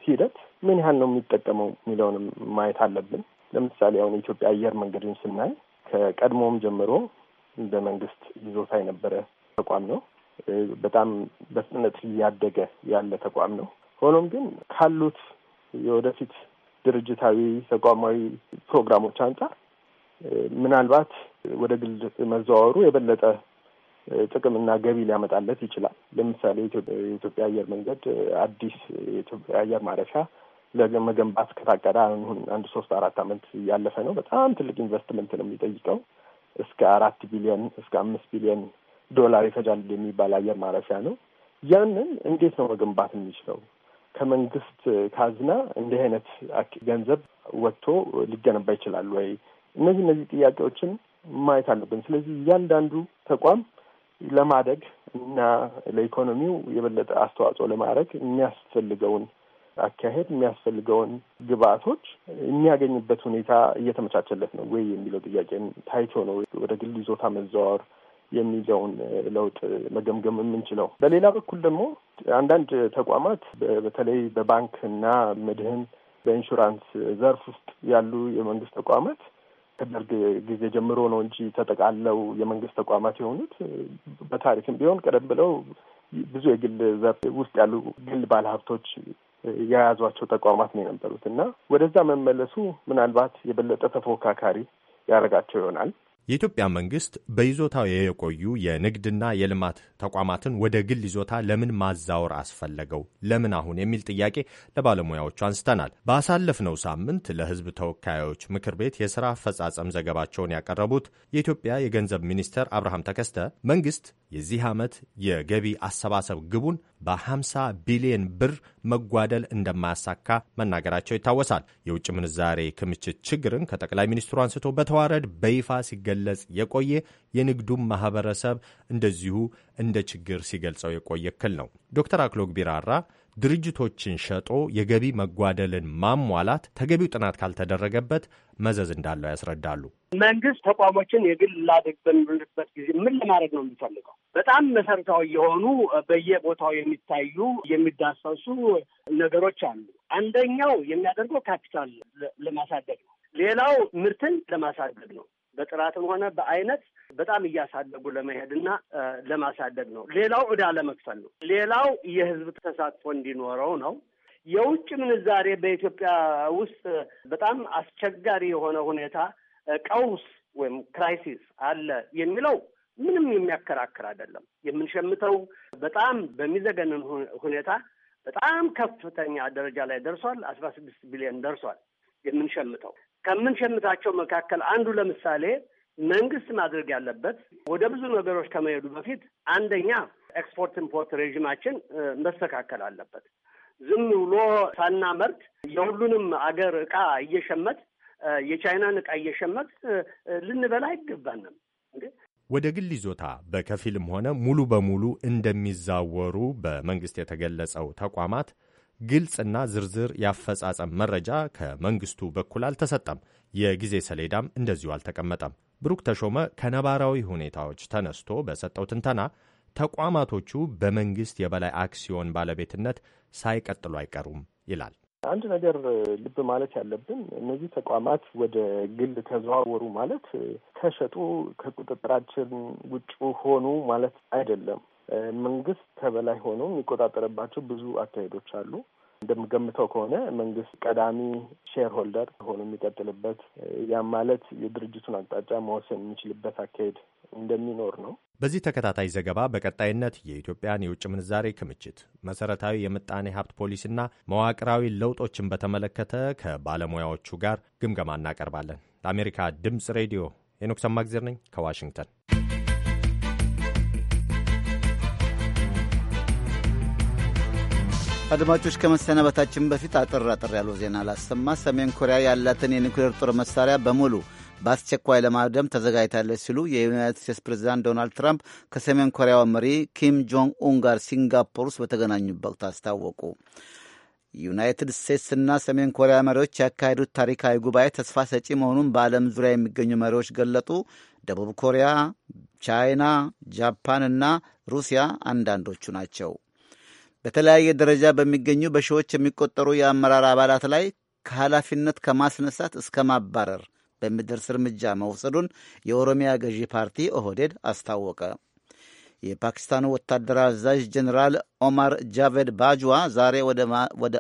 ሂደት ምን ያህል ነው የሚጠቀመው የሚለውንም ማየት አለብን። ለምሳሌ አሁን የኢትዮጵያ አየር መንገድን ስናይ ከቀድሞም ጀምሮ በመንግስት ይዞታ የነበረ ተቋም ነው። በጣም በፍጥነት እያደገ ያለ ተቋም ነው። ሆኖም ግን ካሉት የወደፊት ድርጅታዊ ተቋማዊ ፕሮግራሞች አንጻር ምናልባት ወደ ግል መዘዋወሩ የበለጠ ጥቅምና ገቢ ሊያመጣለት ይችላል። ለምሳሌ የኢትዮጵያ አየር መንገድ አዲስ የኢትዮጵያ አየር ማረፊያ ለመገንባት ከታቀደ አሁን አንድ ሶስት አራት ዓመት ያለፈ ነው። በጣም ትልቅ ኢንቨስትመንት ነው የሚጠይቀው። እስከ አራት ቢሊዮን እስከ አምስት ቢሊዮን ዶላር ይፈጃል የሚባል አየር ማረፊያ ነው። ያንን እንዴት ነው መገንባት የሚችለው? ከመንግስት ካዝና እንዲህ አይነት ገንዘብ ወጥቶ ሊገነባ ይችላል ወይ? እነዚህ እነዚህ ጥያቄዎችን ማየት አለብን። ስለዚህ እያንዳንዱ ተቋም ለማደግ እና ለኢኮኖሚው የበለጠ አስተዋጽኦ ለማድረግ የሚያስፈልገውን አካሄድ የሚያስፈልገውን ግብአቶች የሚያገኝበት ሁኔታ እየተመቻቸለት ነው ወይ የሚለው ጥያቄን ታይቶ ነው ወደ ግል ይዞታ መዘዋወር የሚለውን ለውጥ መገምገም የምንችለው። በሌላ በኩል ደግሞ አንዳንድ ተቋማት በተለይ በባንክ እና መድህን በኢንሹራንስ ዘርፍ ውስጥ ያሉ የመንግስት ተቋማት ከደርግ ጊዜ ጀምሮ ነው እንጂ ተጠቃለው የመንግስት ተቋማት የሆኑት በታሪክም ቢሆን ቀደም ብለው ብዙ የግል ዘርፍ ውስጥ ያሉ ግል ባለሀብቶች የያዟቸው ተቋማት ነው የነበሩት እና ወደዛ መመለሱ ምናልባት የበለጠ ተፎካካሪ ያደርጋቸው ይሆናል። የኢትዮጵያ መንግስት በይዞታው የቆዩ የንግድና የልማት ተቋማትን ወደ ግል ይዞታ ለምን ማዛወር አስፈለገው? ለምን አሁን? የሚል ጥያቄ ለባለሙያዎቹ አንስተናል። ባሳለፍነው ሳምንት ለሕዝብ ተወካዮች ምክር ቤት የሥራ አፈጻጸም ዘገባቸውን ያቀረቡት የኢትዮጵያ የገንዘብ ሚኒስተር አብርሃም ተከስተ መንግስት የዚህ ዓመት የገቢ አሰባሰብ ግቡን በ50 ቢሊዮን ብር መጓደል እንደማያሳካ መናገራቸው ይታወሳል። የውጭ ምንዛሬ ክምችት ችግርን ከጠቅላይ ሚኒስትሩ አንስቶ በተዋረድ በይፋ ሲገለጽ የቆየ የንግዱም ማህበረሰብ እንደዚሁ እንደ ችግር ሲገልጸው የቆየ እክል ነው። ዶክተር አክሎግ ቢራራ ድርጅቶችን ሸጦ የገቢ መጓደልን ማሟላት ተገቢው ጥናት ካልተደረገበት መዘዝ እንዳለው ያስረዳሉ። መንግስት ተቋሞችን የግል ላድርግ በሚልበት ጊዜ ምን ለማድረግ ነው የሚፈልገው? በጣም መሰረታዊ የሆኑ በየቦታው የሚታዩ የሚዳሰሱ ነገሮች አሉ። አንደኛው የሚያደርገው ካፒታል ለማሳደግ ነው። ሌላው ምርትን ለማሳደግ ነው። በጥራትም ሆነ በአይነት በጣም እያሳደጉ ለመሄድ ለማሳደግ ነው። ሌላው ዕዳ ለመክፈል ነው። ሌላው የህዝብ ተሳትፎ እንዲኖረው ነው። የውጭ ምንዛሬ በኢትዮጵያ ውስጥ በጣም አስቸጋሪ የሆነ ሁኔታ ቀውስ ወይም ክራይሲስ አለ የሚለው ምንም የሚያከራክር አይደለም። የምንሸምተው በጣም በሚዘገንን ሁኔታ በጣም ከፍተኛ ደረጃ ላይ ደርሷል። አስራ ስድስት ቢሊዮን ደርሷል የምንሸምተው ከምንሸምታቸው መካከል አንዱ ለምሳሌ መንግስት ማድረግ ያለበት ወደ ብዙ ነገሮች ከመሄዱ በፊት አንደኛ ኤክስፖርት ኢምፖርት ሬዥማችን መስተካከል አለበት። ዝም ብሎ ሳናመርት የሁሉንም አገር እቃ እየሸመት የቻይናን እቃ እየሸመት ልንበላ አይገባንም። ወደ ግል ይዞታ በከፊልም ሆነ ሙሉ በሙሉ እንደሚዛወሩ በመንግስት የተገለጸው ተቋማት ግልጽና ዝርዝር ያፈጻጸም መረጃ ከመንግስቱ በኩል አልተሰጠም። የጊዜ ሰሌዳም እንደዚሁ አልተቀመጠም። ብሩክ ተሾመ ከነባራዊ ሁኔታዎች ተነስቶ በሰጠው ትንተና ተቋማቶቹ በመንግስት የበላይ አክሲዮን ባለቤትነት ሳይቀጥሉ አይቀሩም ይላል። አንድ ነገር ልብ ማለት ያለብን እነዚህ ተቋማት ወደ ግል ተዘዋወሩ ማለት ተሸጡ፣ ከቁጥጥራችን ውጭ ሆኑ ማለት አይደለም። መንግስት ከበላይ ሆኖ የሚቆጣጠርባቸው ብዙ አካሄዶች አሉ። እንደምገምተው ከሆነ መንግስት ቀዳሚ ሼር ሆልደር ሆኖ የሚቀጥልበት ያም ማለት የድርጅቱን አቅጣጫ መወሰን የሚችልበት አካሄድ እንደሚኖር ነው። በዚህ ተከታታይ ዘገባ በቀጣይነት የኢትዮጵያን የውጭ ምንዛሬ ክምችት፣ መሰረታዊ የምጣኔ ሀብት ፖሊሲና መዋቅራዊ ለውጦችን በተመለከተ ከባለሙያዎቹ ጋር ግምገማ እናቀርባለን። ለአሜሪካ ድምፅ ሬዲዮ ሄኖክ ሰማግዜር ነኝ ከዋሽንግተን። አድማጮች ከመሰናበታችን በፊት አጠር አጠር ያሉ ዜና ላሰማ። ሰሜን ኮሪያ ያላትን የኒውክሌር ጦር መሳሪያ በሙሉ በአስቸኳይ ለማውደም ተዘጋጅታለች ሲሉ የዩናይትድ ስቴትስ ፕሬዚዳንት ዶናልድ ትራምፕ ከሰሜን ኮሪያው መሪ ኪም ጆንግ ኡን ጋር ሲንጋፖር ውስጥ በተገናኙበት ወቅት አስታወቁ። ዩናይትድ ስቴትስና ሰሜን ኮሪያ መሪዎች ያካሄዱት ታሪካዊ ጉባኤ ተስፋ ሰጪ መሆኑን በዓለም ዙሪያ የሚገኙ መሪዎች ገለጡ። ደቡብ ኮሪያ፣ ቻይና፣ ጃፓን እና ሩሲያ አንዳንዶቹ ናቸው። በተለያየ ደረጃ በሚገኙ በሺዎች የሚቆጠሩ የአመራር አባላት ላይ ከኃላፊነት ከማስነሳት እስከ ማባረር በሚደርስ እርምጃ መውሰዱን የኦሮሚያ ገዢ ፓርቲ ኦህዴድ አስታወቀ። የፓኪስታኑ ወታደራዊ አዛዥ ጀኔራል ኦማር ጃቬድ ባጅዋ ዛሬ ወደ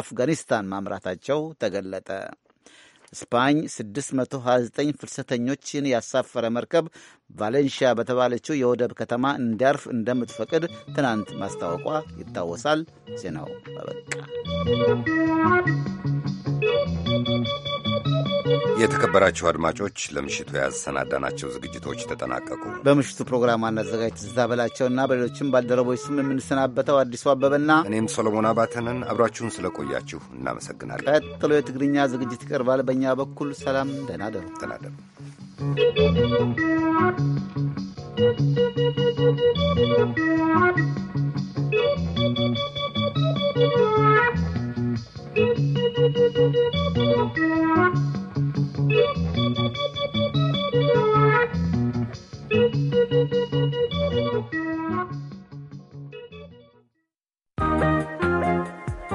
አፍጋኒስታን ማምራታቸው ተገለጠ። ስፓኝ 629 ፍልሰተኞችን ያሳፈረ መርከብ ቫሌንሺያ በተባለችው የወደብ ከተማ እንዲያርፍ እንደምትፈቅድ ትናንት ማስታወቋ ይታወሳል። ዜናው አበቃ። የተከበራችሁ አድማጮች ለምሽቱ ያሰናዳናቸው ዝግጅቶች ተጠናቀቁ። በምሽቱ ፕሮግራም አዘጋጅ ትዝታ በላቸውና በሌሎችም ባልደረቦች ስም የምንሰናበተው አዲሱ አበበና እኔም ሶሎሞን አባተንን አብራችሁን ስለቆያችሁ እናመሰግናለን። ቀጥሎ የትግርኛ ዝግጅት ይቀርባል። በእኛ በኩል ሰላም፣ ደህና ደሩ። ደህና ደሩ። Thank you.